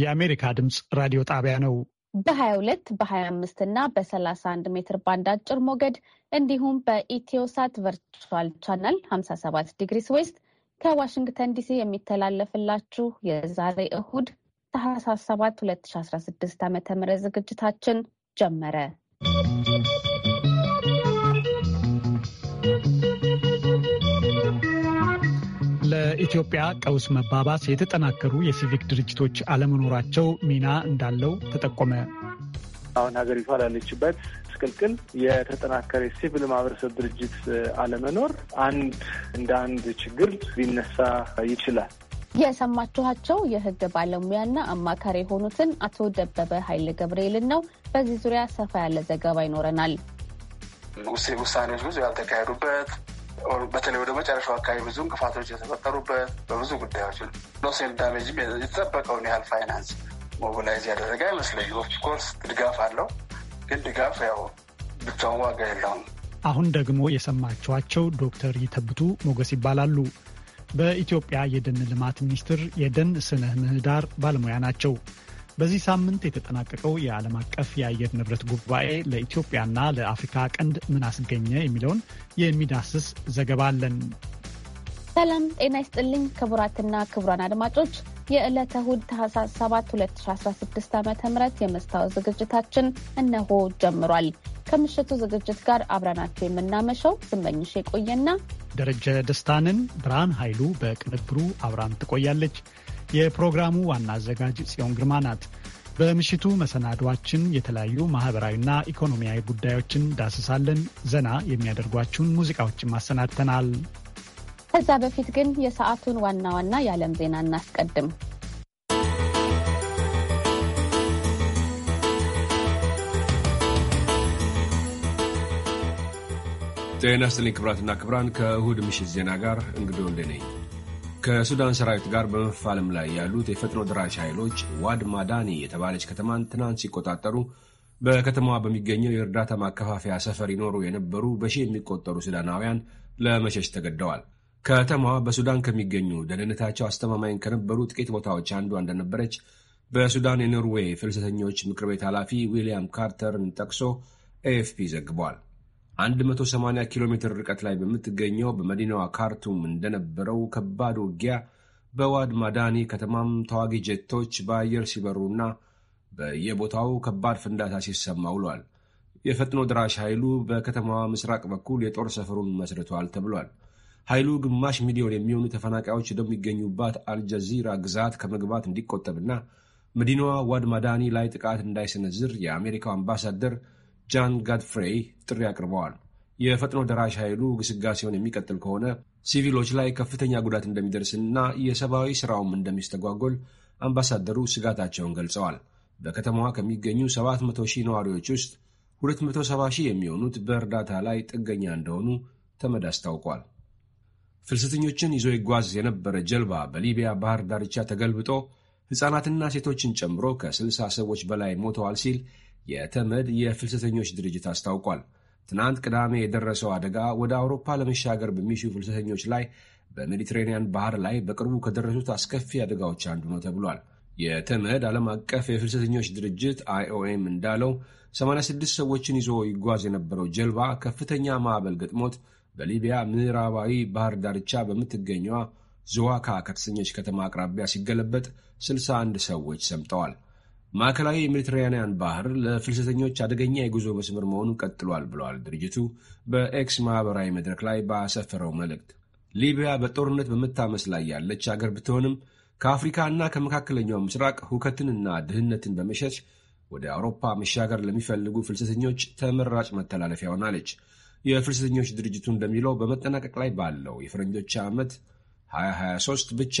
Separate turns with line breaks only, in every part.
የአሜሪካ ድምፅ ራዲዮ ጣቢያ ነው።
በ22 በ25 እና በ31 ሜትር ባንድ አጭር ሞገድ እንዲሁም በኢትዮሳት ቨርቹዋል ቻናል 57 ዲግሪስ ዌስት ከዋሽንግተን ዲሲ የሚተላለፍላችሁ የዛሬ እሁድ ታህሳስ 7 2016 ዓ ም ዝግጅታችን ጀመረ።
በኢትዮጵያ ቀውስ መባባስ የተጠናከሩ የሲቪክ ድርጅቶች አለመኖራቸው ሚና እንዳለው ተጠቆመ።
አሁን ሀገሪቷ ላለችበት ምስቅልቅል የተጠናከረ ሲቪል ማህበረሰብ ድርጅት አለመኖር አንድ እንደ አንድ ችግር ሊነሳ ይችላል።
የሰማችኋቸው የህግ ባለሙያና አማካሪ የሆኑትን አቶ ደበበ ኃይለ ገብርኤልን ነው። በዚህ ዙሪያ ሰፋ ያለ ዘገባ ይኖረናል።
ውሳኔዎች ብዙ ያልተካሄዱበት በተለይ ወደ መጨረሻው አካባቢ ብዙ እንቅፋቶች የተፈጠሩበት በብዙ ጉዳዮች ሎሴል ዳሜጅ የተጠበቀውን ያህል ፋይናንስ ሞቢላይዝ ያደረገ አይመስለኝ። ኦፍኮርስ ድጋፍ አለው፣ ግን ድጋፍ ያው ብቻውን ዋጋ የለውም።
አሁን ደግሞ የሰማችኋቸው ዶክተር ይተብቱ ሞገስ ይባላሉ። በኢትዮጵያ የደን ልማት ሚኒስቴር የደን ስነ ምህዳር ባለሙያ ናቸው። በዚህ ሳምንት የተጠናቀቀው የዓለም አቀፍ የአየር ንብረት ጉባኤ ለኢትዮጵያና ለአፍሪካ ቀንድ ምን አስገኘ የሚለውን የሚዳስስ ዘገባ አለን።
ሰላም ጤና ይስጥልኝ ክቡራትና ክቡራን አድማጮች የዕለተ እሁድ ታህሳስ 7 2016 ዓ ም የመስታወት ዝግጅታችን እነሆ ጀምሯል። ከምሽቱ ዝግጅት ጋር አብረናቸው የምናመሸው ስመኝሽ የቆየና
ደረጀ ደስታንን ብርሃን ኃይሉ በቅንብሩ አብራን ትቆያለች። የፕሮግራሙ ዋና አዘጋጅ ጽዮን ግርማ ናት። በምሽቱ መሰናዷችን የተለያዩ ማህበራዊና ኢኮኖሚያዊ ጉዳዮችን ዳስሳለን። ዘና የሚያደርጓችሁን ሙዚቃዎችን አሰናድተናል።
ከዛ በፊት ግን የሰዓቱን ዋና ዋና የዓለም ዜና እናስቀድም።
ጤና ይስጥልኝ ክብራትና ክብራን፣ ከእሁድ ምሽት ዜና ጋር እንግዶ እንደነኝ ከሱዳን ሰራዊት ጋር በመፋለም ላይ ያሉት የፈጥኖ ድራሽ ኃይሎች ዋድ ማዳኒ የተባለች ከተማን ትናንት ሲቆጣጠሩ በከተማዋ በሚገኘው የእርዳታ ማከፋፈያ ሰፈር ይኖሩ የነበሩ በሺ የሚቆጠሩ ሱዳናውያን ለመሸሽ ተገደዋል። ከተማዋ በሱዳን ከሚገኙ ደህንነታቸው አስተማማኝ ከነበሩ ጥቂት ቦታዎች አንዷ እንደነበረች በሱዳን የኖርዌይ ፍልሰተኞች ምክር ቤት ኃላፊ ዊልያም ካርተርን ጠቅሶ ኤኤፍፒ ዘግቧል። 180 ኪሎ ሜትር ርቀት ላይ በምትገኘው በመዲናዋ ካርቱም እንደነበረው ከባድ ውጊያ በዋድ ማዳኒ ከተማም ተዋጊ ጀቶች በአየር ሲበሩና በየቦታው ከባድ ፍንዳታ ሲሰማ ውሏል። የፈጥኖ ድራሽ ኃይሉ በከተማዋ ምስራቅ በኩል የጦር ሰፈሩን መስርቷል ተብሏል። ኃይሉ ግማሽ ሚሊዮን የሚሆኑ ተፈናቃዮች ወደሚገኙባት አልጀዚራ ግዛት ከመግባት እንዲቆጠብና መዲናዋ ዋድ ማዳኒ ላይ ጥቃት እንዳይሰነዝር የአሜሪካው አምባሳደር ጃን ጋድፍሬይ ጥሪ አቅርበዋል። የፈጥኖ ደራሽ ኃይሉ ግስጋሴውን የሚቀጥል ከሆነ ሲቪሎች ላይ ከፍተኛ ጉዳት እንደሚደርስና የሰብአዊ ሥራውም እንደሚስተጓጎል አምባሳደሩ ስጋታቸውን ገልጸዋል። በከተማዋ ከሚገኙ 700 ሺህ ነዋሪዎች ውስጥ 270 ሺህ የሚሆኑት በእርዳታ ላይ ጥገኛ እንደሆኑ ተመድ አስታውቋል። ፍልሰተኞችን ይዞ ይጓዝ የነበረ ጀልባ በሊቢያ ባህር ዳርቻ ተገልብጦ ሕፃናትና ሴቶችን ጨምሮ ከ60 ሰዎች በላይ ሞተዋል ሲል የተመድ የፍልሰተኞች ድርጅት አስታውቋል። ትናንት ቅዳሜ የደረሰው አደጋ ወደ አውሮፓ ለመሻገር በሚሹ ፍልሰተኞች ላይ በሜዲትሬንያን ባህር ላይ በቅርቡ ከደረሱት አስከፊ አደጋዎች አንዱ ነው ተብሏል። የተመድ ዓለም አቀፍ የፍልሰተኞች ድርጅት አይኦኤም እንዳለው 86 ሰዎችን ይዞ ይጓዝ የነበረው ጀልባ ከፍተኛ ማዕበል ገጥሞት በሊቢያ ምዕራባዊ ባህር ዳርቻ በምትገኘዋ ዝዋካ ከተሰኘች ከተማ አቅራቢያ ሲገለበጥ 61 ሰዎች ሰምጠዋል። ማዕከላዊ የሜዲትራኒያን ባህር ለፍልሰተኞች አደገኛ የጉዞ መስመር መሆኑ ቀጥሏል ብለዋል ድርጅቱ በኤክስ ማህበራዊ መድረክ ላይ ባሰፈረው መልእክት። ሊቢያ በጦርነት በመታመስ ላይ ያለች አገር ብትሆንም ከአፍሪካ እና ከመካከለኛው ምስራቅ ሁከትንና ድህነትን በመሸሽ ወደ አውሮፓ መሻገር ለሚፈልጉ ፍልሰተኞች ተመራጭ መተላለፊያ ሆናለች። የፍልሰተኞች ድርጅቱ እንደሚለው በመጠናቀቅ ላይ ባለው የፈረንጆች ዓመት 2023 ብቻ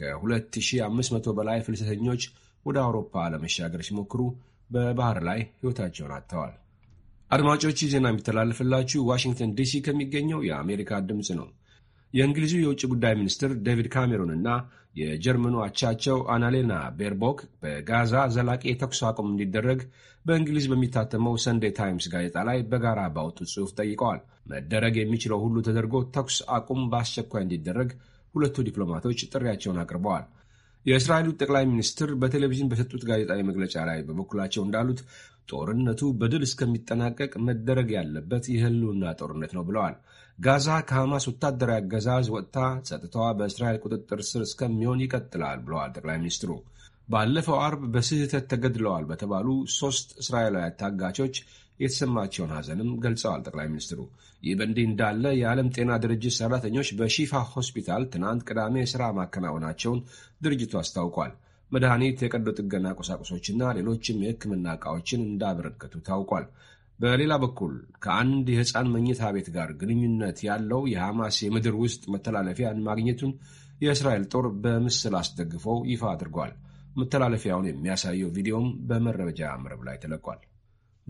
ከ2500 በላይ ፍልሰተኞች ወደ አውሮፓ ለመሻገር ሲሞክሩ በባህር ላይ ሕይወታቸውን አጥተዋል። አድማጮች ዜና የሚተላለፍላችሁ ዋሽንግተን ዲሲ ከሚገኘው የአሜሪካ ድምፅ ነው። የእንግሊዙ የውጭ ጉዳይ ሚኒስትር ዴቪድ ካሜሮን እና የጀርመኑ አቻቸው አናሌና ቤርቦክ በጋዛ ዘላቂ የተኩስ አቁም እንዲደረግ በእንግሊዝ በሚታተመው ሰንዴ ታይምስ ጋዜጣ ላይ በጋራ ባወጡት ጽሑፍ ጠይቀዋል። መደረግ የሚችለው ሁሉ ተደርጎ ተኩስ አቁም በአስቸኳይ እንዲደረግ ሁለቱ ዲፕሎማቶች ጥሪያቸውን አቅርበዋል። የእስራኤሉ ጠቅላይ ሚኒስትር በቴሌቪዥን በሰጡት ጋዜጣዊ መግለጫ ላይ በበኩላቸው እንዳሉት ጦርነቱ በድል እስከሚጠናቀቅ መደረግ ያለበት የህልና ጦርነት ነው ብለዋል። ጋዛ ከሐማስ ወታደራዊ አገዛዝ ወጥታ ጸጥታዋ በእስራኤል ቁጥጥር ስር እስከሚሆን ይቀጥላል ብለዋል ጠቅላይ ሚኒስትሩ። ባለፈው አርብ በስህተት ተገድለዋል በተባሉ ሶስት እስራኤላውያን ታጋቾች የተሰማቸውን ሐዘንም ገልጸዋል። ጠቅላይ ሚኒስትሩ ይህ በእንዲህ እንዳለ የዓለም ጤና ድርጅት ሰራተኞች በሺፋ ሆስፒታል ትናንት ቅዳሜ ሥራ ማከናወናቸውን ድርጅቱ አስታውቋል። መድኃኒት፣ የቀዶ ጥገና ቁሳቁሶችና ሌሎችም የሕክምና ዕቃዎችን እንዳበረከቱ ታውቋል። በሌላ በኩል ከአንድ የሕፃን መኝታ ቤት ጋር ግንኙነት ያለው የሐማስ የምድር ውስጥ መተላለፊያን ማግኘቱን የእስራኤል ጦር በምስል አስደግፎ ይፋ አድርጓል። መተላለፊያውን የሚያሳየው ቪዲዮም በመረጃ መረብ ላይ ተለቋል።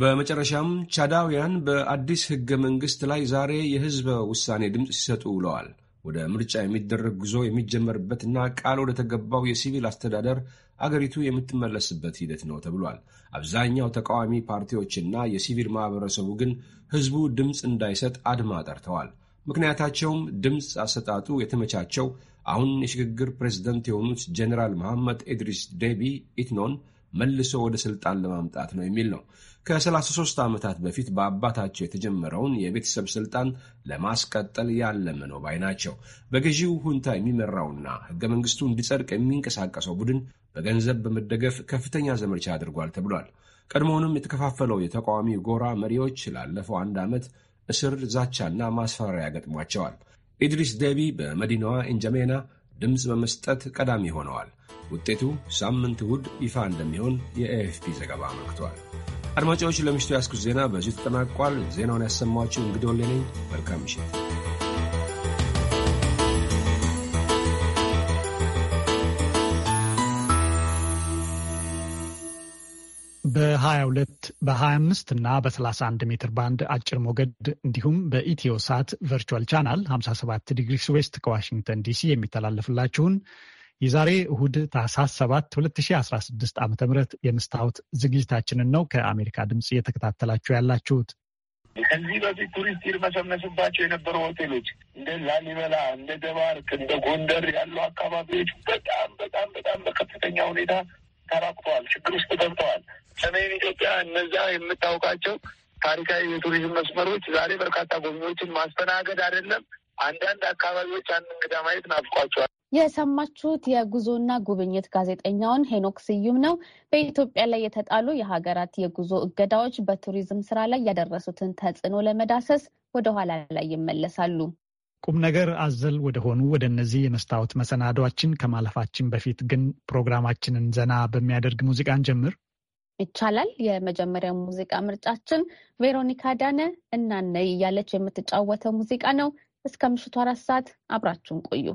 በመጨረሻም ቻዳውያን በአዲስ ሕገ መንግሥት ላይ ዛሬ የሕዝበ ውሳኔ ድምፅ ሲሰጡ ውለዋል። ወደ ምርጫ የሚደረግ ጉዞ የሚጀመርበትና ቃል ወደ ተገባው የሲቪል አስተዳደር አገሪቱ የምትመለስበት ሂደት ነው ተብሏል። አብዛኛው ተቃዋሚ ፓርቲዎችና የሲቪል ማህበረሰቡ ግን ህዝቡ ድምፅ እንዳይሰጥ አድማ ጠርተዋል። ምክንያታቸውም ድምፅ አሰጣጡ የተመቻቸው አሁን የሽግግር ፕሬዝደንት የሆኑት ጀኔራል መሐመድ ኤድሪስ ዴቢ ኢትኖን መልሶ ወደ ስልጣን ለማምጣት ነው የሚል ነው። ከ33 ዓመታት በፊት በአባታቸው የተጀመረውን የቤተሰብ ስልጣን ለማስቀጠል ያለመ ነው ባይ ናቸው። በገዢው ሁንታ የሚመራውና ህገ መንግስቱ እንዲጸድቅ የሚንቀሳቀሰው ቡድን በገንዘብ በመደገፍ ከፍተኛ ዘመቻ አድርጓል ተብሏል። ቀድሞውንም የተከፋፈለው የተቃዋሚ ጎራ መሪዎች ላለፈው አንድ ዓመት እስር፣ ዛቻና ማስፈራሪያ ገጥሟቸዋል። ኢድሪስ ደቢ በመዲናዋ ኢንጀሜና ድምፅ በመስጠት ቀዳሚ ሆነዋል። ውጤቱ ሳምንት እሁድ ይፋ እንደሚሆን የኤኤፍፒ ዘገባ አመልክቷል። አድማጮች፣ ለምሽቱ ያስኩት ዜና በዚሁ ተጠናቋል። ዜናውን ያሰማችሁ እንግዲህ ወሌ ነኝ። መልካም ምሽት።
በ22 በ25 እና በ31 ሜትር ባንድ አጭር ሞገድ እንዲሁም በኢትዮ ሳት ቨርቹዋል ቻናል 57 ዲግሪስ ዌስት ከዋሽንግተን ዲሲ የሚተላለፍላችሁን የዛሬ እሁድ ታህሳስ 7 2016 ዓ ም የመስታወት ዝግጅታችንን ነው ከአሜሪካ ድምፅ እየተከታተላችሁ ያላችሁት።
ከዚህ በፊት ቱሪስት ይርመሰመስባቸው የነበሩ ሆቴሎች እንደ ላሊበላ፣ እንደ ደባርክ፣ እንደ ጎንደር ያሉ አካባቢዎች በጣም በጣም በጣም በከፍተኛ ሁኔታ ተራቁተዋል፣ ችግር ውስጥ ገብተዋል። ሰሜን ኢትዮጵያ እነዛ የምታውቃቸው ታሪካዊ የቱሪዝም መስመሮች ዛሬ በርካታ ጎብኚዎችን ማስተናገድ
አይደለም አንዳንድ አካባቢዎች አንድ እንግዳ ማየት ናፍቋቸዋል። የሰማችሁት የጉዞና ጉብኝት ጋዜጠኛውን ሄኖክ ስዩም ነው። በኢትዮጵያ ላይ የተጣሉ የሀገራት የጉዞ እገዳዎች በቱሪዝም ስራ ላይ ያደረሱትን ተጽዕኖ ለመዳሰስ ወደኋላ ላይ ይመለሳሉ።
ቁም ነገር አዘል ወደሆኑ ወደ እነዚህ የመስታወት መሰናዷችን ከማለፋችን በፊት ግን ፕሮግራማችንን ዘና በሚያደርግ ሙዚቃን ጀምር
ይቻላል። የመጀመሪያው ሙዚቃ ምርጫችን ቬሮኒካ ዳነ እናነይ እያለች የምትጫወተው ሙዚቃ ነው። እስከ ምሽቱ አራት ሰዓት አብራችሁን ቆዩ።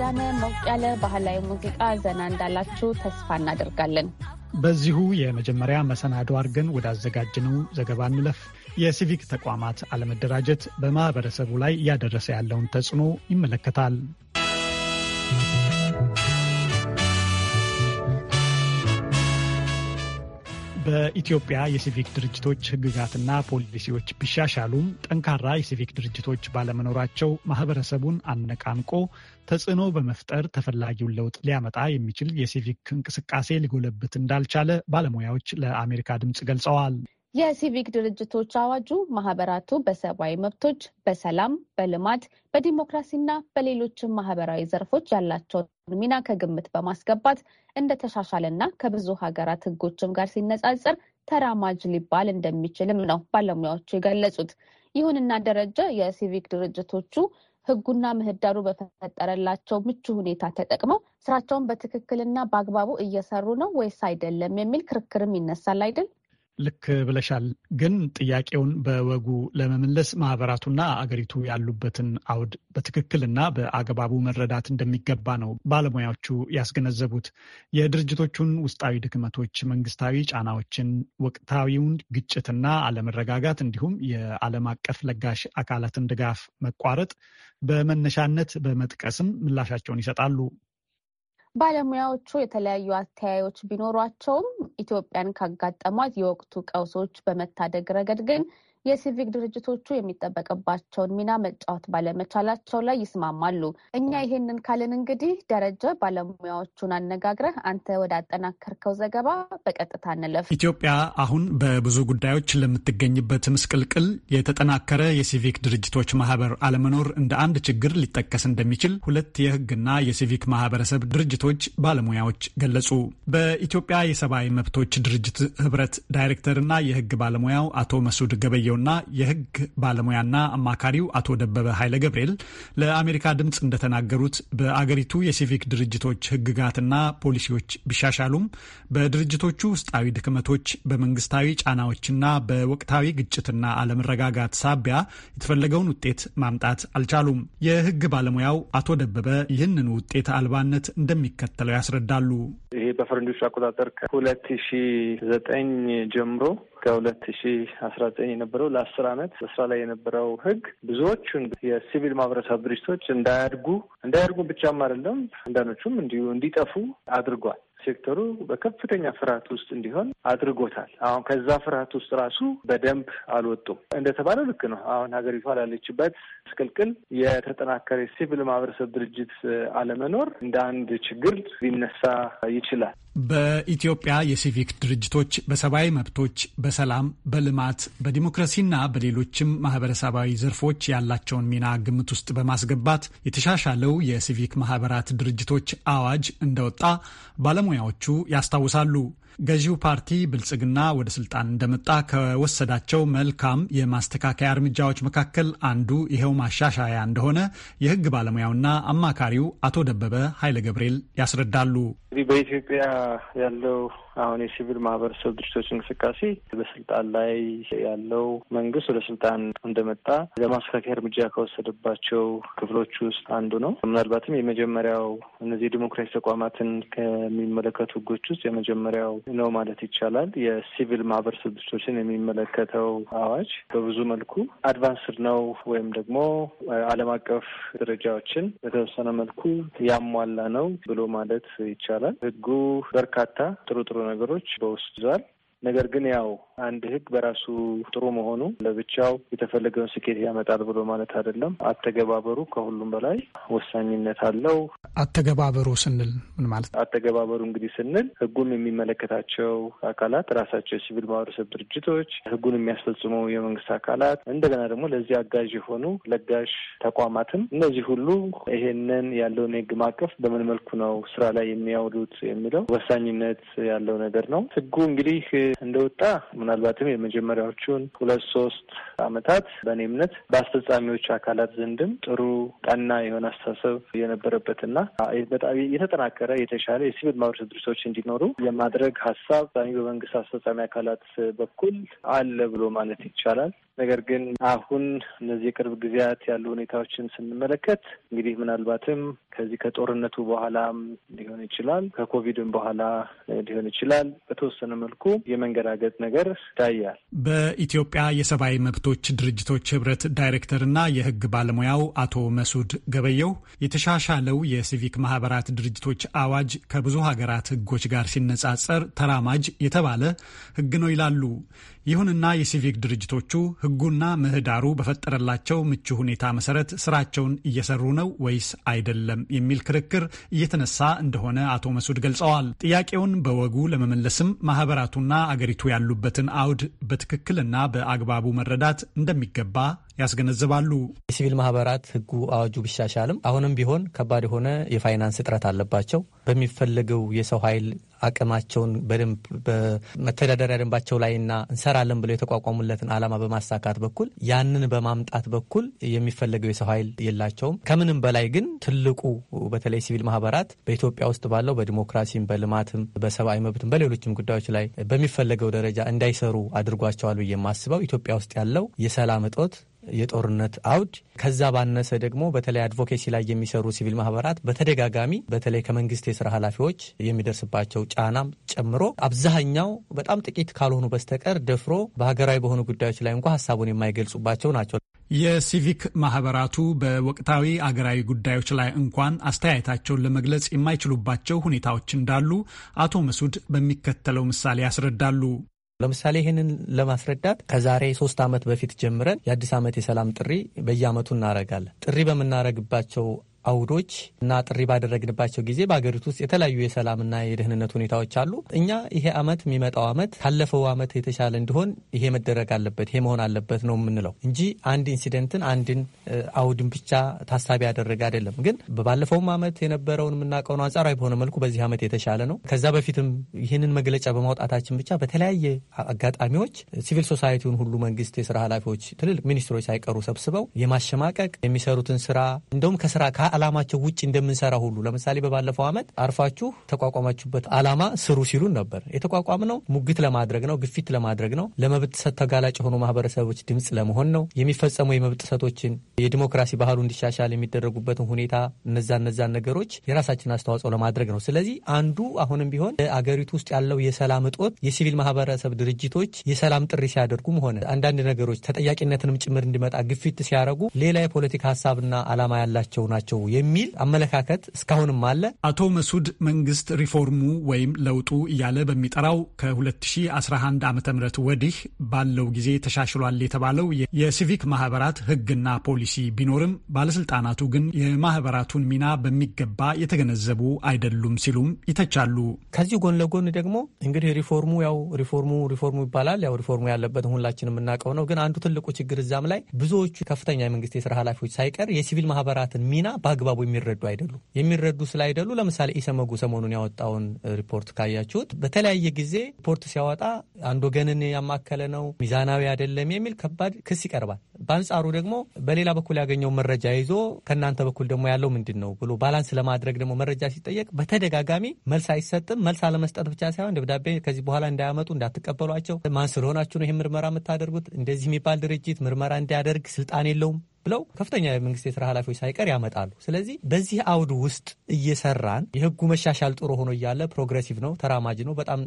አዳነ ሞቅ ያለ ባህላዊ ሙዚቃ ዘና እንዳላችሁ ተስፋ እናደርጋለን።
በዚሁ የመጀመሪያ መሰናዶ አድርገን ወዳዘጋጅነው ዘገባ እንለፍ። የሲቪክ ተቋማት አለመደራጀት በማህበረሰቡ ላይ እያደረሰ ያለውን ተጽዕኖ ይመለከታል። በኢትዮጵያ የሲቪክ ድርጅቶች ህግጋትና ፖሊሲዎች ቢሻሻሉም ጠንካራ የሲቪክ ድርጅቶች ባለመኖራቸው ማህበረሰቡን አነቃንቆ ተጽዕኖ በመፍጠር ተፈላጊውን ለውጥ ሊያመጣ የሚችል የሲቪክ እንቅስቃሴ ሊጎለብት እንዳልቻለ ባለሙያዎች ለአሜሪካ ድምፅ ገልጸዋል።
የሲቪክ ድርጅቶች አዋጁ ማህበራቱ በሰብአዊ መብቶች፣ በሰላም፣ በልማት፣ በዲሞክራሲና በሌሎችም ማህበራዊ ዘርፎች ያላቸው ሚና ከግምት በማስገባት እንደተሻሻለና ከብዙ ሀገራት ህጎችም ጋር ሲነጻጸር ተራማጅ ሊባል እንደሚችልም ነው ባለሙያዎቹ የገለጹት። ይሁንና ደረጀ የሲቪክ ድርጅቶቹ ህጉና ምህዳሩ በፈጠረላቸው ምቹ ሁኔታ ተጠቅመው ስራቸውን በትክክልና በአግባቡ እየሰሩ ነው ወይስ አይደለም የሚል ክርክርም ይነሳል አይደል?
ልክ ብለሻል። ግን ጥያቄውን በወጉ ለመመለስ ማህበራቱና አገሪቱ ያሉበትን አውድ በትክክልና በአግባቡ መረዳት እንደሚገባ ነው ባለሙያዎቹ ያስገነዘቡት። የድርጅቶቹን ውስጣዊ ድክመቶች፣ መንግስታዊ ጫናዎችን፣ ወቅታዊውን ግጭትና አለመረጋጋት እንዲሁም የዓለም አቀፍ ለጋሽ አካላትን ድጋፍ መቋረጥ በመነሻነት በመጥቀስም ምላሻቸውን ይሰጣሉ።
ባለሙያዎቹ የተለያዩ አተያዮች ቢኖሯቸውም ኢትዮጵያን ካጋጠሟት የወቅቱ ቀውሶች በመታደግ ረገድ ግን የሲቪክ ድርጅቶቹ የሚጠበቅባቸውን ሚና መጫወት ባለመቻላቸው ላይ ይስማማሉ። እኛ ይሄንን ካልን እንግዲህ ደረጀ ባለሙያዎቹን አነጋግረህ አንተ ወደ አጠናከርከው ዘገባ በቀጥታ እንለፍ።
ኢትዮጵያ አሁን በብዙ ጉዳዮች ለምትገኝበት ምስቅልቅል የተጠናከረ የሲቪክ ድርጅቶች ማህበር አለመኖር እንደ አንድ ችግር ሊጠቀስ እንደሚችል ሁለት የህግና የሲቪክ ማህበረሰብ ድርጅቶች ባለሙያዎች ገለጹ። በኢትዮጵያ የሰብአዊ መብቶች ድርጅት ህብረት ዳይሬክተርና የህግ ባለሙያው አቶ መሱድ ገበየ ሰውየውና የህግ ባለሙያና አማካሪው አቶ ደበበ ኃይለ ገብርኤል ለአሜሪካ ድምፅ እንደተናገሩት በአገሪቱ የሲቪክ ድርጅቶች ህግጋትና ፖሊሲዎች ቢሻሻሉም በድርጅቶቹ ውስጣዊ ድክመቶች፣ በመንግስታዊ ጫናዎችና በወቅታዊ ግጭትና አለመረጋጋት ሳቢያ የተፈለገውን ውጤት ማምጣት አልቻሉም። የህግ ባለሙያው አቶ ደበበ ይህንን ውጤት አልባነት እንደሚከተለው ያስረዳሉ።
ይሄ በፈረንጆች አቆጣጠር ከሁለት ሺ ዘጠኝ ጀምሮ ከሁለት 2019 አስራ ዘጠኝ የነበረው ለአስር አመት ስራ ላይ የነበረው ህግ ብዙዎቹን የሲቪል ማህበረሰብ ድርጅቶች እንዳያድጉ እንዳያድጉ ብቻም አይደለም አንዳንዶቹም እንዲሁ እንዲጠፉ አድርጓል። ሴክተሩ በከፍተኛ ፍርሃት ውስጥ እንዲሆን አድርጎታል። አሁን ከዛ ፍርሃት ውስጥ ራሱ በደንብ አልወጡም። እንደተባለው ልክ ነው። አሁን ሀገሪቷ ላለችበት ምስቅልቅል የተጠናከረ ሲቪል ማህበረሰብ ድርጅት አለመኖር እንደ አንድ ችግር ሊነሳ ይችላል።
በኢትዮጵያ የሲቪክ ድርጅቶች በሰብአዊ መብቶች፣ በሰላም፣ በልማት፣ በዲሞክራሲና በሌሎችም ማህበረሰባዊ ዘርፎች ያላቸውን ሚና ግምት ውስጥ በማስገባት የተሻሻለው የሲቪክ ማህበራት ድርጅቶች አዋጅ እንደወጣ ባለሙያዎቹ ያስታውሳሉ። ገዢው ፓርቲ ብልጽግና ወደ ስልጣን እንደመጣ ከወሰዳቸው መልካም የማስተካከያ እርምጃዎች መካከል አንዱ ይኸው ማሻሻያ እንደሆነ የሕግ ባለሙያውና አማካሪው አቶ ደበበ ኃይለ ገብርኤል ያስረዳሉ።
እንግዲህ በኢትዮጵያ ያለው አሁን የሲቪል ማህበረሰብ ድርጅቶች እንቅስቃሴ በስልጣን ላይ ያለው መንግስት ወደ ስልጣን እንደመጣ ለማስተካከያ እርምጃ ከወሰደባቸው ክፍሎች ውስጥ አንዱ ነው። ምናልባትም የመጀመሪያው እነዚህ ዲሞክራሲ ተቋማትን ከሚመለከቱ ህጎች ውስጥ የመጀመሪያው ነው ማለት ይቻላል። የሲቪል ማህበረሰብ ድርጅቶችን የሚመለከተው አዋጅ በብዙ መልኩ አድቫንስድ ነው ወይም ደግሞ ዓለም አቀፍ ደረጃዎችን በተወሰነ መልኩ ያሟላ ነው ብሎ ማለት ይቻላል። ህጉ በርካታ ጥሩ ጥሩ ነገሮች በውስጡ ይዟል። ነገር ግን ያው አንድ ህግ በራሱ ጥሩ መሆኑ ለብቻው የተፈለገውን ስኬት ያመጣል ብሎ ማለት አይደለም። አተገባበሩ ከሁሉም በላይ ወሳኝነት አለው።
አተገባበሩ ስንል ምን
ማለት? አተገባበሩ እንግዲህ ስንል ህጉን የሚመለከታቸው አካላት ራሳቸው የሲቪል ማህበረሰብ ድርጅቶች፣ ህጉን የሚያስፈጽሙ የመንግስት አካላት፣ እንደገና ደግሞ ለዚህ አጋዥ የሆኑ ለጋሽ ተቋማትም እነዚህ ሁሉ ይሄንን ያለውን የህግ ማቀፍ በምን መልኩ ነው ስራ ላይ የሚያውሉት የሚለው ወሳኝነት ያለው ነገር ነው። ህጉ እንግዲህ እንደወጣ ምናልባትም የመጀመሪያዎቹን ሁለት ሶስት አመታት በእኔ እምነት በአስፈጻሚዎች አካላት ዘንድም ጥሩ ቀና የሆነ አስተሳሰብ የነበረበትና በጣም የተጠናከረ የተሻለ የሲቪል ማህበረሰብ ድርጅቶች እንዲኖሩ የማድረግ ሀሳብ በመንግስት አስፈጻሚ አካላት በኩል አለ ብሎ ማለት ይቻላል። ነገር ግን አሁን እነዚህ የቅርብ ጊዜያት ያሉ ሁኔታዎችን ስንመለከት እንግዲህ ምናልባትም ከዚህ ከጦርነቱ በኋላም ሊሆን ይችላል፣ ከኮቪድም በኋላ ሊሆን ይችላል። በተወሰነ መልኩ የመንገዳገጥ ነገር ይታያል።
በኢትዮጵያ የሰብአዊ መብቶች ድርጅቶች ህብረት ዳይሬክተርና የህግ ባለሙያው አቶ መሱድ ገበየው የተሻሻለው የሲቪክ ማህበራት ድርጅቶች አዋጅ ከብዙ ሀገራት ህጎች ጋር ሲነጻጸር ተራማጅ የተባለ ህግ ነው ይላሉ። ይሁንና የሲቪክ ድርጅቶቹ ህጉና ምህዳሩ በፈጠረላቸው ምቹ ሁኔታ መሰረት ስራቸውን እየሰሩ ነው ወይስ አይደለም የሚል ክርክር እየተነሳ እንደሆነ አቶ መሱድ ገልጸዋል። ጥያቄውን በወጉ ለመመለስም ማህበራቱና አገሪቱ ያሉበትን አውድ በትክክልና በአግባቡ መረዳት እንደሚገባ ያስገነዝባሉ። የሲቪል ማህበራት ህጉ
አዋጁ ቢሻሻልም አሁንም ቢሆን ከባድ የሆነ የፋይናንስ እጥረት አለባቸው። በሚፈለገው የሰው ኃይል አቅማቸውን በደንብ በመተዳደሪያ ደንባቸው ላይና እንሰራለን ብለው የተቋቋሙለትን ዓላማ በማሳካት በኩል ያንን በማምጣት በኩል የሚፈለገው የሰው ኃይል የላቸውም። ከምንም በላይ ግን ትልቁ በተለይ ሲቪል ማህበራት በኢትዮጵያ ውስጥ ባለው በዲሞክራሲም፣ በልማትም፣ በሰብአዊ መብትም በሌሎችም ጉዳዮች ላይ በሚፈለገው ደረጃ እንዳይሰሩ አድርጓቸዋል ብዬ የማስበው ኢትዮጵያ ውስጥ ያለው የሰላም እጦት የጦርነት አውድ ከዛ ባነሰ ደግሞ በተለይ አድቮኬሲ ላይ የሚሰሩ ሲቪል ማህበራት በተደጋጋሚ በተለይ ከመንግስት የስራ ኃላፊዎች የሚደርስባቸው ጫናም ጨምሮ አብዛኛው በጣም ጥቂት ካልሆኑ በስተቀር ደፍሮ በሀገራዊ በሆኑ ጉዳዮች ላይ እንኳ ሀሳቡን የማይገልጹባቸው ናቸው።
የሲቪክ ማህበራቱ በወቅታዊ አገራዊ ጉዳዮች ላይ እንኳን አስተያየታቸውን ለመግለጽ የማይችሉባቸው ሁኔታዎች እንዳሉ አቶ መሱድ በሚከተለው ምሳሌ ያስረዳሉ። ለምሳሌ ይህንን ለማስረዳት
ከዛሬ ሶስት ዓመት በፊት ጀምረን የአዲስ ዓመት የሰላም ጥሪ በየዓመቱ እናረጋለን። ጥሪ በምናረግባቸው አውዶች እና ጥሪ ባደረግንባቸው ጊዜ በሀገሪቱ ውስጥ የተለያዩ የሰላምና የደህንነት ሁኔታዎች አሉ። እኛ ይሄ አመት የሚመጣው አመት ካለፈው አመት የተሻለ እንዲሆን ይሄ መደረግ አለበት፣ ይሄ መሆን አለበት ነው የምንለው እንጂ አንድ ኢንሲደንትን አንድን አውድን ብቻ ታሳቢ ያደረገ አይደለም። ግን ባለፈውም አመት የነበረውን የምናውቀው ነው። አንጻራዊ በሆነ መልኩ በዚህ አመት የተሻለ ነው። ከዛ በፊትም ይህንን መግለጫ በማውጣታችን ብቻ በተለያየ አጋጣሚዎች ሲቪል ሶሳይቲውን ሁሉ መንግስት፣ የስራ ኃላፊዎች፣ ትልልቅ ሚኒስትሮች ሳይቀሩ ሰብስበው የማሸማቀቅ የሚሰሩትን ስራ እንደውም ከስራ ከዓላማቸው ውጭ እንደምንሰራ ሁሉ ለምሳሌ በባለፈው ዓመት አርፋችሁ ተቋቋማችሁበት ዓላማ ስሩ ሲሉን ነበር። የተቋቋም ነው ሙግት ለማድረግ ነው፣ ግፊት ለማድረግ ነው፣ ለመብት ጥሰት ተጋላጭ የሆኑ ማህበረሰቦች ድምፅ ለመሆን ነው። የሚፈጸሙ የመብት ጥሰቶችን የዲሞክራሲ ባህሉ እንዲሻሻል የሚደረጉበትን ሁኔታ እነዛ እነዛን ነገሮች የራሳችን አስተዋጽኦ ለማድረግ ነው። ስለዚህ አንዱ አሁንም ቢሆን አገሪቱ ውስጥ ያለው የሰላም እጦት የሲቪል ማህበረሰብ ድርጅቶች የሰላም ጥሪ ሲያደርጉም ሆነ አንዳንድ ነገሮች ተጠያቂነትንም ጭምር እንዲመጣ ግፊት ሲያደርጉ ሌላ የፖለቲካ ሀሳብና ዓላማ
ያላቸው ናቸው የሚል አመለካከት እስካሁንም አለ። አቶ መሱድ መንግስት ሪፎርሙ ወይም ለውጡ እያለ በሚጠራው ከ2011 ዓ ም ወዲህ ባለው ጊዜ ተሻሽሏል የተባለው የሲቪክ ማህበራት ህግና ፖሊሲ ቢኖርም ባለስልጣናቱ ግን የማህበራቱን ሚና በሚገባ የተገነዘቡ አይደሉም ሲሉም ይተቻሉ። ከዚህ ጎን ለጎን ደግሞ እንግዲህ ሪፎርሙ ያው ሪፎርሙ ሪፎርሙ ይባላል። ያው ሪፎርሙ ያለበትን ሁላችን
የምናውቀው ነው። ግን አንዱ ትልቁ ችግር እዛም ላይ ብዙዎቹ ከፍተኛ የመንግስት የስራ ኃላፊዎች ሳይቀር የሲቪል ማህበራትን ሚና በአግባቡ የሚረዱ አይደሉም። የሚረዱ ስላይደሉ ለምሳሌ ኢሰመጉ ሰሞኑን ያወጣውን ሪፖርት ካያችሁት በተለያየ ጊዜ ሪፖርት ሲያወጣ አንድ ወገንን ያማከለ ነው፣ ሚዛናዊ አይደለም የሚል ከባድ ክስ ይቀርባል። በአንጻሩ ደግሞ በሌላ በኩል ያገኘው መረጃ ይዞ ከእናንተ በኩል ደግሞ ያለው ምንድን ነው ብሎ ባላንስ ለማድረግ ደግሞ መረጃ ሲጠየቅ በተደጋጋሚ መልስ አይሰጥም። መልስ አለመስጠት ብቻ ሳይሆን ደብዳቤ ከዚህ በኋላ እንዳያመጡ እንዳትቀበሏቸው፣ ማን ስለሆናችሁ ነው ይህ ምርመራ የምታደርጉት? እንደዚህ የሚባል ድርጅት ምርመራ እንዲያደርግ ስልጣን የለውም ብለው ከፍተኛ የመንግስት የስራ ኃላፊዎች ሳይቀር ያመጣሉ። ስለዚህ በዚህ አውድ ውስጥ እየሰራን የህጉ መሻሻል ጥሩ ሆኖ እያለ ፕሮግሬሲቭ ነው፣ ተራማጅ ነው፣ በጣም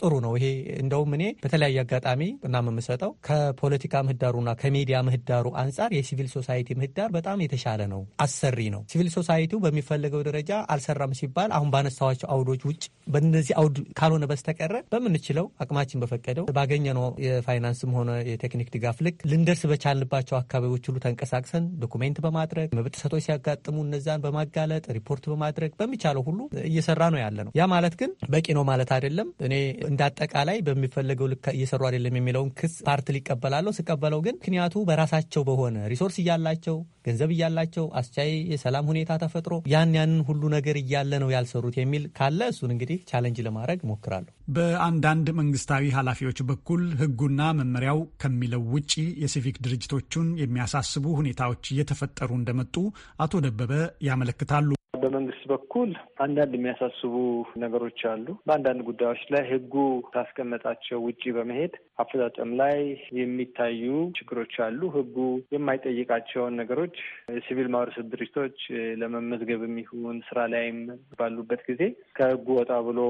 ጥሩ ነው። ይሄ እንደውም እኔ በተለያየ አጋጣሚ እና የምሰጠው ከፖለቲካ ምህዳሩና ከሚዲያ ምህዳሩ አንጻር የሲቪል ሶሳይቲ ምህዳር በጣም የተሻለ ነው፣ አሰሪ ነው። ሲቪል ሶሳይቲው በሚፈልገው ደረጃ አልሰራም ሲባል አሁን ባነሳዋቸው አውዶች ውጭ በነዚህ አውድ ካልሆነ በስተቀረ በምንችለው አቅማችን በፈቀደው ባገኘነው የፋይናንስም ሆነ የቴክኒክ ድጋፍ ልክ ልንደርስ በቻልንባቸው አካባቢዎች ሁሉ ተንቀሳ ተንቀሳቅሰን ዶኩሜንት በማድረግ መብት ጥሰቶች ሲያጋጥሙ እነዛን በማጋለጥ ሪፖርት በማድረግ በሚቻለው ሁሉ እየሰራ ነው ያለ ነው። ያ ማለት ግን በቂ ነው ማለት አይደለም። እኔ እንዳጠቃላይ በሚፈለገው ልክ እየሰሩ አይደለም የሚለውን ክስ ፓርት ሊቀበላለሁ። ስቀበለው ግን ምክንያቱ በራሳቸው በሆነ ሪሶርስ እያላቸው ገንዘብ እያላቸው አስቻይ የሰላም ሁኔታ ተፈጥሮ ያን ያንን ሁሉ ነገር እያለ ነው ያልሰሩት የሚል ካለ እሱን እንግዲህ ቻለንጅ ለማድረግ ሞክራለሁ።
በአንዳንድ መንግስታዊ ኃላፊዎች በኩል ህጉና መመሪያው ከሚለው ውጪ የሲቪክ ድርጅቶቹን የሚያሳስቡ ሁኔታዎች እየተፈጠሩ እንደመጡ አቶ ደበበ ያመለክታሉ።
በመንግስት በኩል አንዳንድ የሚያሳስቡ ነገሮች አሉ። በአንዳንድ ጉዳዮች ላይ ህጉ ካስቀመጣቸው ውጪ በመሄድ አፈጻጸም ላይ የሚታዩ ችግሮች አሉ። ህጉ የማይጠይቃቸውን ነገሮች የሲቪል ማህበረሰብ ድርጅቶች ለመመዝገብ የሚሆን ስራ ላይም ባሉበት ጊዜ ከህጉ ወጣ ብሎ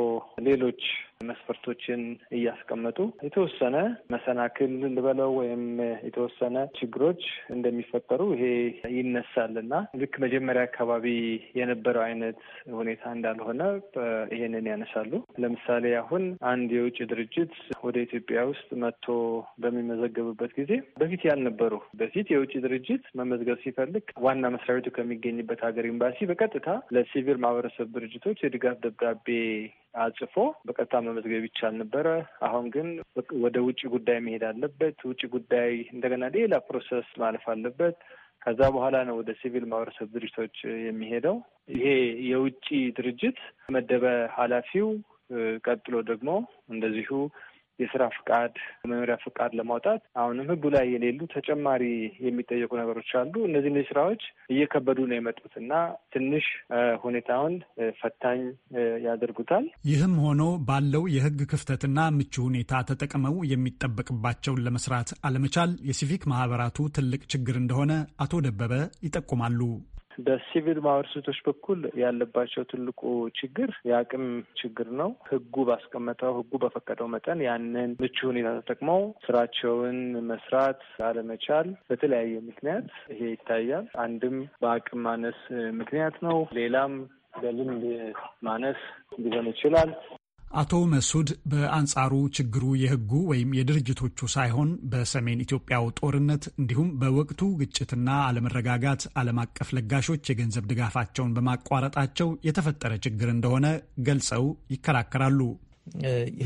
ሌሎች መስፈርቶችን እያስቀመጡ የተወሰነ መሰናክል ልበለው ወይም የተወሰነ ችግሮች እንደሚፈጠሩ ይሄ ይነሳል እና ልክ መጀመሪያ አካባቢ የነበረው አይነት ሁኔታ እንዳልሆነ ይሄንን ያነሳሉ። ለምሳሌ አሁን አንድ የውጭ ድርጅት ወደ ኢትዮጵያ ውስጥ መጥቶ በሚመዘገብበት ጊዜ በፊት ያልነበሩ በፊት የውጭ ድርጅት መመዝገብ ሲፈልግ ዋና መስሪያ ቤቱ ከሚገኝበት ሀገር ኤምባሲ በቀጥታ ለሲቪል ማህበረሰብ ድርጅቶች የድጋፍ ደብዳቤ አጽፎ በቀጥታ መመዝገብ ይቻል ነበረ። አሁን ግን ወደ ውጭ ጉዳይ መሄድ አለበት። ውጭ ጉዳይ እንደገና ሌላ ፕሮሰስ ማለፍ አለበት። ከዛ በኋላ ነው ወደ ሲቪል ማህበረሰብ ድርጅቶች የሚሄደው። ይሄ የውጭ ድርጅት መደበ ኃላፊው ቀጥሎ ደግሞ እንደዚሁ የስራ ፍቃድ፣ መኖሪያ ፍቃድ ለማውጣት አሁንም ህጉ ላይ የሌሉ ተጨማሪ የሚጠየቁ ነገሮች አሉ። እነዚህ እነዚህ ስራዎች እየከበዱ ነው የመጡት እና ትንሽ ሁኔታውን ፈታኝ ያደርጉታል።
ይህም ሆኖ ባለው የህግ ክፍተትና ምቹ ሁኔታ ተጠቅመው የሚጠበቅባቸውን ለመስራት አለመቻል የሲቪክ ማህበራቱ ትልቅ ችግር እንደሆነ አቶ ደበበ ይጠቁማሉ።
በሲቪል ማህበረሰቦች በኩል ያለባቸው ትልቁ ችግር የአቅም ችግር ነው። ህጉ ባስቀመጠው ህጉ በፈቀደው መጠን ያንን ምቹ ሁኔታ ተጠቅመው ስራቸውን መስራት አለመቻል በተለያየ ምክንያት ይሄ ይታያል። አንድም በአቅም ማነስ ምክንያት ነው። ሌላም በልምድ ማነስ ሊሆን ይችላል።
አቶ መሱድ በአንጻሩ ችግሩ የህጉ ወይም የድርጅቶቹ ሳይሆን በሰሜን ኢትዮጵያው ጦርነት እንዲሁም በወቅቱ ግጭትና አለመረጋጋት ዓለም አቀፍ ለጋሾች የገንዘብ ድጋፋቸውን በማቋረጣቸው የተፈጠረ ችግር እንደሆነ ገልጸው ይከራከራሉ።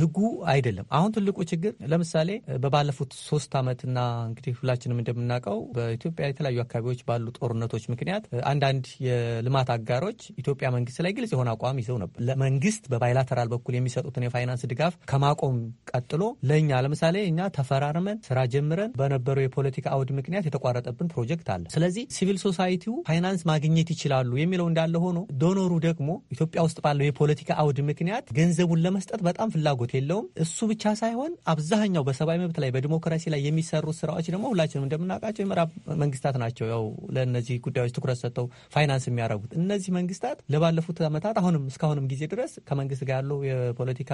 ህጉ አይደለም። አሁን ትልቁ ችግር ለምሳሌ በባለፉት ሶስት
ዓመትና እንግዲህ ሁላችንም እንደምናውቀው በኢትዮጵያ የተለያዩ አካባቢዎች ባሉ ጦርነቶች ምክንያት አንዳንድ የልማት አጋሮች ኢትዮጵያ መንግስት ላይ ግልጽ የሆነ አቋም ይዘው ነበር። ለመንግስት በባይላተራል በኩል የሚሰጡትን የፋይናንስ ድጋፍ ከማቆም ቀጥሎ ለእኛ ለምሳሌ እኛ ተፈራርመን ስራ ጀምረን በነበረው የፖለቲካ አውድ ምክንያት የተቋረጠብን ፕሮጀክት አለ። ስለዚህ ሲቪል ሶሳይቲው ፋይናንስ ማግኘት ይችላሉ የሚለው እንዳለ ሆኖ ዶኖሩ ደግሞ ኢትዮጵያ ውስጥ ባለው የፖለቲካ አውድ ምክንያት ገንዘቡን ለመስጠት በጣም ፍላጎት የለውም። እሱ ብቻ ሳይሆን አብዛኛው በሰብአዊ መብት ላይ በዲሞክራሲ ላይ የሚሰሩ ስራዎች ደግሞ ሁላችንም እንደምናውቃቸው የምዕራብ መንግስታት ናቸው ያው ለእነዚህ ጉዳዮች ትኩረት ሰጥተው ፋይናንስ የሚያደርጉት እነዚህ መንግስታት ለባለፉት ዓመታት አሁንም እስካሁንም ጊዜ ድረስ ከመንግስት ጋር ያለው
የፖለቲካ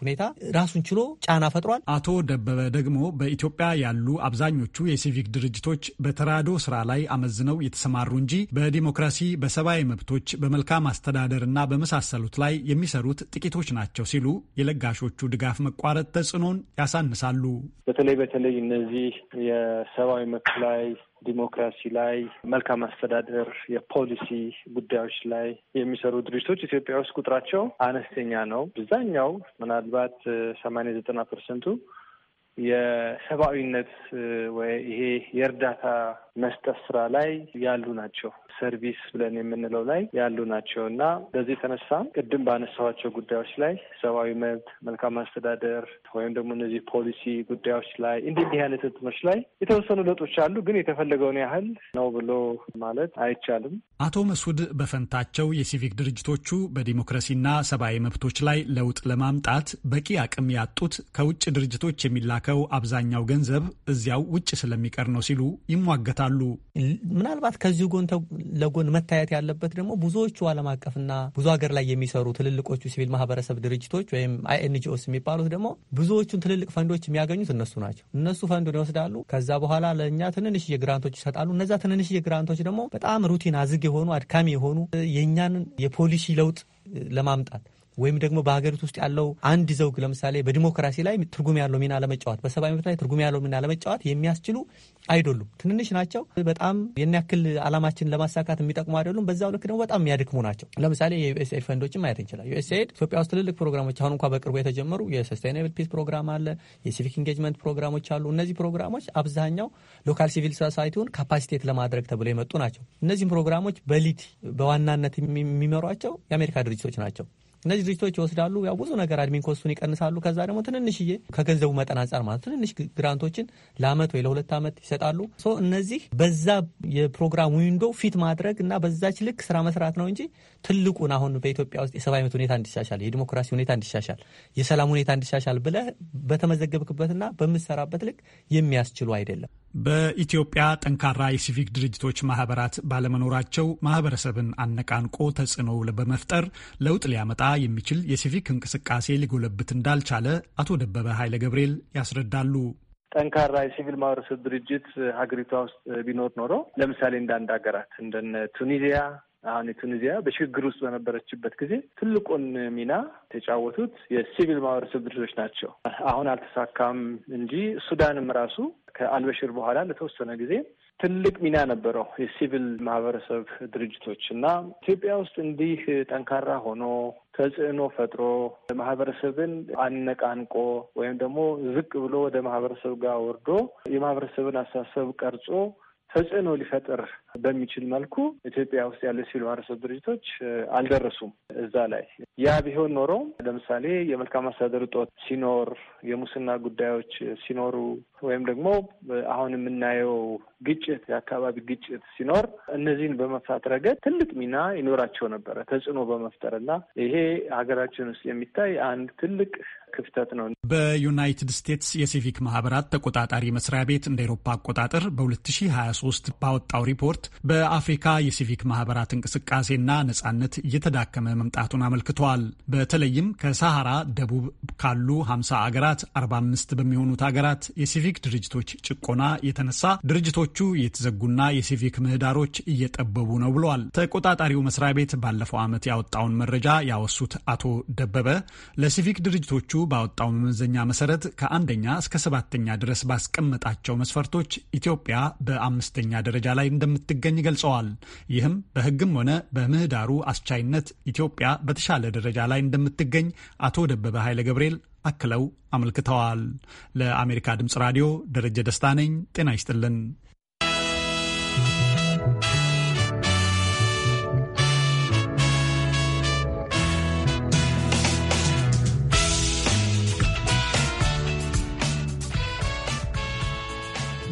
ሁኔታ ራሱን ችሎ ጫና ፈጥሯል። አቶ ደበበ ደግሞ በኢትዮጵያ ያሉ አብዛኞቹ የሲቪክ ድርጅቶች በተራዶ ስራ ላይ አመዝነው የተሰማሩ እንጂ በዲሞክራሲ በሰብአዊ መብቶች፣ በመልካም አስተዳደር እና በመሳሰሉት ላይ የሚሰሩት ጥቂቶች ናቸው ሲሉ የለጋሾቹ ድጋፍ መቋረጥ ተጽዕኖን ያሳንሳሉ።
በተለይ በተለይ እነዚህ የሰብአዊ መብት ላይ ዲሞክራሲ ላይ መልካም አስተዳደር የፖሊሲ ጉዳዮች ላይ የሚሰሩ ድርጅቶች ኢትዮጵያ ውስጥ ቁጥራቸው አነስተኛ ነው። አብዛኛው ምናልባት ሰማንያ ዘጠና ፐርሰንቱ የሰብአዊነት ወይ ይሄ የእርዳታ መስጠት ስራ ላይ ያሉ ናቸው። ሰርቪስ ብለን የምንለው ላይ ያሉ ናቸው እና በዚህ የተነሳ ቅድም ባነሳኋቸው ጉዳዮች ላይ ሰብአዊ መብት፣ መልካም አስተዳደር ወይም ደግሞ እነዚህ ፖሊሲ ጉዳዮች ላይ እንዲህ እንዲህ አይነት ህትሞች ላይ የተወሰኑ ለውጦች አሉ። ግን የተፈለገውን ያህል ነው ብሎ ማለት አይቻልም።
አቶ መስዑድ በፈንታቸው የሲቪክ ድርጅቶቹ በዲሞክራሲና ሰብአዊ መብቶች ላይ ለውጥ ለማምጣት በቂ አቅም ያጡት ከውጭ ድርጅቶች የሚላከው አብዛኛው ገንዘብ እዚያው ውጭ ስለሚቀር ነው ሲሉ ይሟገታል። ያካትታሉ። ምናልባት ከዚሁ ጎን ለጎን
መታየት ያለበት ደግሞ ብዙዎቹ ዓለም አቀፍና ብዙ ሀገር ላይ የሚሰሩ ትልልቆቹ ሲቪል ማህበረሰብ ድርጅቶች ወይም አይኤንጂኦስ የሚባሉት ደግሞ ብዙዎቹን ትልልቅ ፈንዶች የሚያገኙት እነሱ ናቸው። እነሱ ፈንዱን ይወስዳሉ። ከዛ በኋላ ለእኛ ትንንሽ የግራንቶች ይሰጣሉ። እነዛ ትንንሽ የግራንቶች ደግሞ በጣም ሩቲን አዝግ የሆኑ አድካሚ የሆኑ የእኛን የፖሊሲ ለውጥ ለማምጣት ወይም ደግሞ በሀገሪቱ ውስጥ ያለው አንድ ዘውግ ለምሳሌ በዲሞክራሲ ላይ ትርጉም ያለው ሚና ለመጫወት በሰብአዊ መብት ላይ ትርጉም ያለው ሚና ለመጫወት የሚያስችሉ አይደሉም። ትንንሽ ናቸው። በጣም የን ያክል አላማችን ለማሳካት የሚጠቅሙ አይደሉም። በዛው ልክ ደግሞ በጣም የሚያድክሙ ናቸው። ለምሳሌ የዩኤስኤድ ፈንዶችን ማየት እንችላል። ዩኤስኤድ ኢትዮጵያ ውስጥ ትልልቅ ፕሮግራሞች አሁን እንኳ በቅርቡ የተጀመሩ የሰስቴናብል ፒስ ፕሮግራም አለ፣ የሲቪክ ኢንጌጅመንት ፕሮግራሞች አሉ። እነዚህ ፕሮግራሞች አብዛኛው ሎካል ሲቪል ሶሳይቲውን ካፓሲቴት ለማድረግ ተብሎ የመጡ ናቸው። እነዚህም ፕሮግራሞች በሊድ በዋናነት የሚመሯቸው የአሜሪካ ድርጅቶች ናቸው። እነዚህ ድርጅቶች ይወስዳሉ። ያው ብዙ ነገር አድሚን ኮስቱን ይቀንሳሉ። ከዛ ደግሞ ትንንሽዬ ከገንዘቡ መጠን አንጻር ማለት ትንንሽ ግራንቶችን ለአመት ወይ ለሁለት ዓመት ይሰጣሉ። እነዚህ በዛ የፕሮግራም ዊንዶ ፊት ማድረግ እና በዛች ልክ ስራ መስራት ነው እንጂ ትልቁን አሁን በኢትዮጵያ ውስጥ የሰብአዊ መብት ሁኔታ እንዲሻሻል፣ የዲሞክራሲ ሁኔታ እንዲሻሻል፣ የሰላም ሁኔታ እንዲሻሻል ብለህ በተመዘገብክበትና በምትሰራበት ልክ የሚያስችሉ
አይደለም። በኢትዮጵያ ጠንካራ የሲቪክ ድርጅቶች ማህበራት ባለመኖራቸው ማህበረሰብን አነቃንቆ ተጽዕኖ በመፍጠር ለውጥ ሊያመጣ የሚችል የሲቪክ እንቅስቃሴ ሊጎለብት እንዳልቻለ አቶ ደበበ ኃይለ ገብርኤል ያስረዳሉ።
ጠንካራ የሲቪል ማህበረሰብ ድርጅት ሀገሪቷ ውስጥ ቢኖር ኖሮ ለምሳሌ እንደ አንድ ሀገራት እንደነ ቱኒዚያ አሁን የቱኒዚያ በሽግግር ውስጥ በነበረችበት ጊዜ ትልቁን ሚና የተጫወቱት የሲቪል ማህበረሰብ ድርጅቶች ናቸው። አሁን አልተሳካም እንጂ ሱዳንም ራሱ ከአልበሽር በኋላ ለተወሰነ ጊዜ ትልቅ ሚና ነበረው የሲቪል ማህበረሰብ ድርጅቶች እና ኢትዮጵያ ውስጥ እንዲህ ጠንካራ ሆኖ ተጽዕኖ ፈጥሮ ማህበረሰብን አነቃንቆ ወይም ደግሞ ዝቅ ብሎ ወደ ማህበረሰብ ጋር ወርዶ የማህበረሰብን አስተሳሰብ ቀርጾ ተጽዕኖ ሊፈጥር በሚችል መልኩ ኢትዮጵያ ውስጥ ያለ ሲቪል ማህበረሰብ ድርጅቶች አልደረሱም እዛ ላይ። ያ ቢሆን ኖሮ ለምሳሌ የመልካም አስተዳደር እጦት ሲኖር፣ የሙስና ጉዳዮች ሲኖሩ ወይም ደግሞ አሁን የምናየው ግጭት፣ የአካባቢ ግጭት ሲኖር እነዚህን በመፍታት ረገድ ትልቅ ሚና ይኖራቸው ነበረ ተጽዕኖ በመፍጠር እና ይሄ ሀገራችን ውስጥ የሚታይ አንድ ትልቅ ክፍተት ነው።
በዩናይትድ ስቴትስ የሲቪክ ማህበራት ተቆጣጣሪ መስሪያ ቤት እንደ ኤሮፓ አቆጣጠር በ2023 ባወጣው ሪፖርት ሪፖርት በአፍሪካ የሲቪክ ማህበራት እንቅስቃሴና ነጻነት እየተዳከመ መምጣቱን አመልክተዋል። በተለይም ከሳሃራ ደቡብ ካሉ 50 አገራት 45 በሚሆኑት አገራት የሲቪክ ድርጅቶች ጭቆና የተነሳ ድርጅቶቹ የተዘጉና የሲቪክ ምህዳሮች እየጠበቡ ነው ብለዋል። ተቆጣጣሪው መስሪያ ቤት ባለፈው ዓመት ያወጣውን መረጃ ያወሱት አቶ ደበበ ለሲቪክ ድርጅቶቹ ባወጣው መመዘኛ መሰረት ከአንደኛ እስከ ሰባተኛ ድረስ ባስቀመጣቸው መስፈርቶች ኢትዮጵያ በአምስተኛ ደረጃ ላይ እንደምት እንደምትገኝ ገልጸዋል። ይህም በሕግም ሆነ በምህዳሩ አስቻይነት ኢትዮጵያ በተሻለ ደረጃ ላይ እንደምትገኝ አቶ ደበበ ኃይለ ገብርኤል አክለው አመልክተዋል። ለአሜሪካ ድምፅ ራዲዮ ደረጀ ደስታ ነኝ። ጤና ይስጥልን።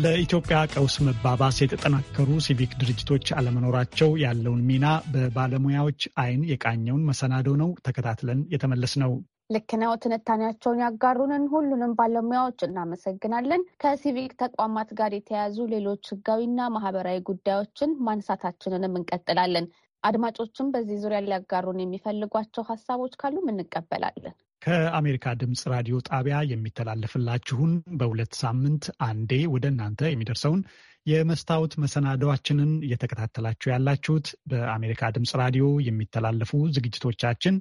ለኢትዮጵያ ቀውስ መባባስ የተጠናከሩ ሲቪክ ድርጅቶች አለመኖራቸው ያለውን ሚና በባለሙያዎች አይን የቃኘውን መሰናዶ ነው ተከታትለን የተመለስ ነው።
ልክ ነው። ትንታኔያቸውን ያጋሩንን ሁሉንም ባለሙያዎች እናመሰግናለን። ከሲቪክ ተቋማት ጋር የተያያዙ ሌሎች ህጋዊና ማህበራዊ ጉዳዮችን ማንሳታችንንም እንቀጥላለን። አድማጮችም በዚህ ዙሪያ ሊያጋሩን የሚፈልጓቸው ሀሳቦች ካሉም እንቀበላለን።
ከአሜሪካ ድምፅ ራዲዮ ጣቢያ የሚተላለፍላችሁን በሁለት ሳምንት አንዴ ወደ እናንተ የሚደርሰውን የመስታወት መሰናዶችንን እየተከታተላችሁ ያላችሁት በአሜሪካ ድምፅ ራዲዮ የሚተላለፉ ዝግጅቶቻችን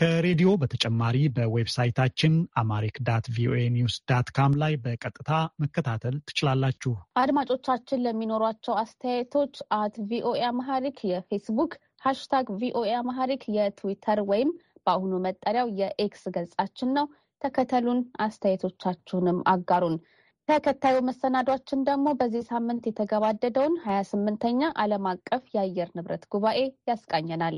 ከሬዲዮ በተጨማሪ በዌብሳይታችን አማሪክ ዳት ቪኦኤ ኒውስ ዳት ካም ላይ በቀጥታ መከታተል ትችላላችሁ።
አድማጮቻችን ለሚኖሯቸው አስተያየቶች አት ቪኦኤ አማሃሪክ የፌስቡክ ሃሽታግ ቪኦኤ አማሃሪክ የትዊተር ወይም በአሁኑ መጠሪያው የኤክስ ገጻችን ነው። ተከተሉን፣ አስተያየቶቻችሁንም አጋሩን። ተከታዩ መሰናዷችን ደግሞ በዚህ ሳምንት የተገባደደውን ሀያ ስምንተኛ ዓለም አቀፍ የአየር ንብረት ጉባኤ ያስቃኘናል።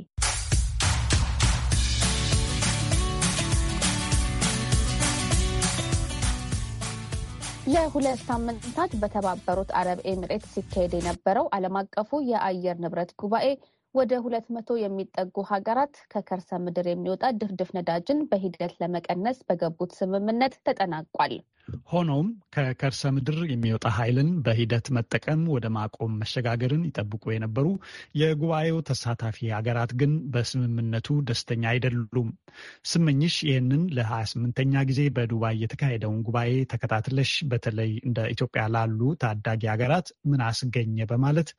ለሁለት ሳምንታት በተባበሩት አረብ ኤምሬት ሲካሄድ የነበረው ዓለም አቀፉ የአየር ንብረት ጉባኤ ወደ ሁለት መቶ የሚጠጉ ሀገራት ከከርሰ ምድር የሚወጣ ድፍድፍ ነዳጅን በሂደት ለመቀነስ በገቡት ስምምነት ተጠናቋል።
ሆኖም ከከርሰ ምድር የሚወጣ ኃይልን በሂደት መጠቀም ወደ ማቆም መሸጋገርን ይጠብቁ የነበሩ የጉባኤው ተሳታፊ ሀገራት ግን በስምምነቱ ደስተኛ አይደሉም። ስመኝሽ ይህንን ለ28ኛ ጊዜ በዱባይ የተካሄደውን ጉባኤ ተከታትለሽ በተለይ እንደ ኢትዮጵያ ላሉ ታዳጊ ሀገራት ምን አስገኘ በማለት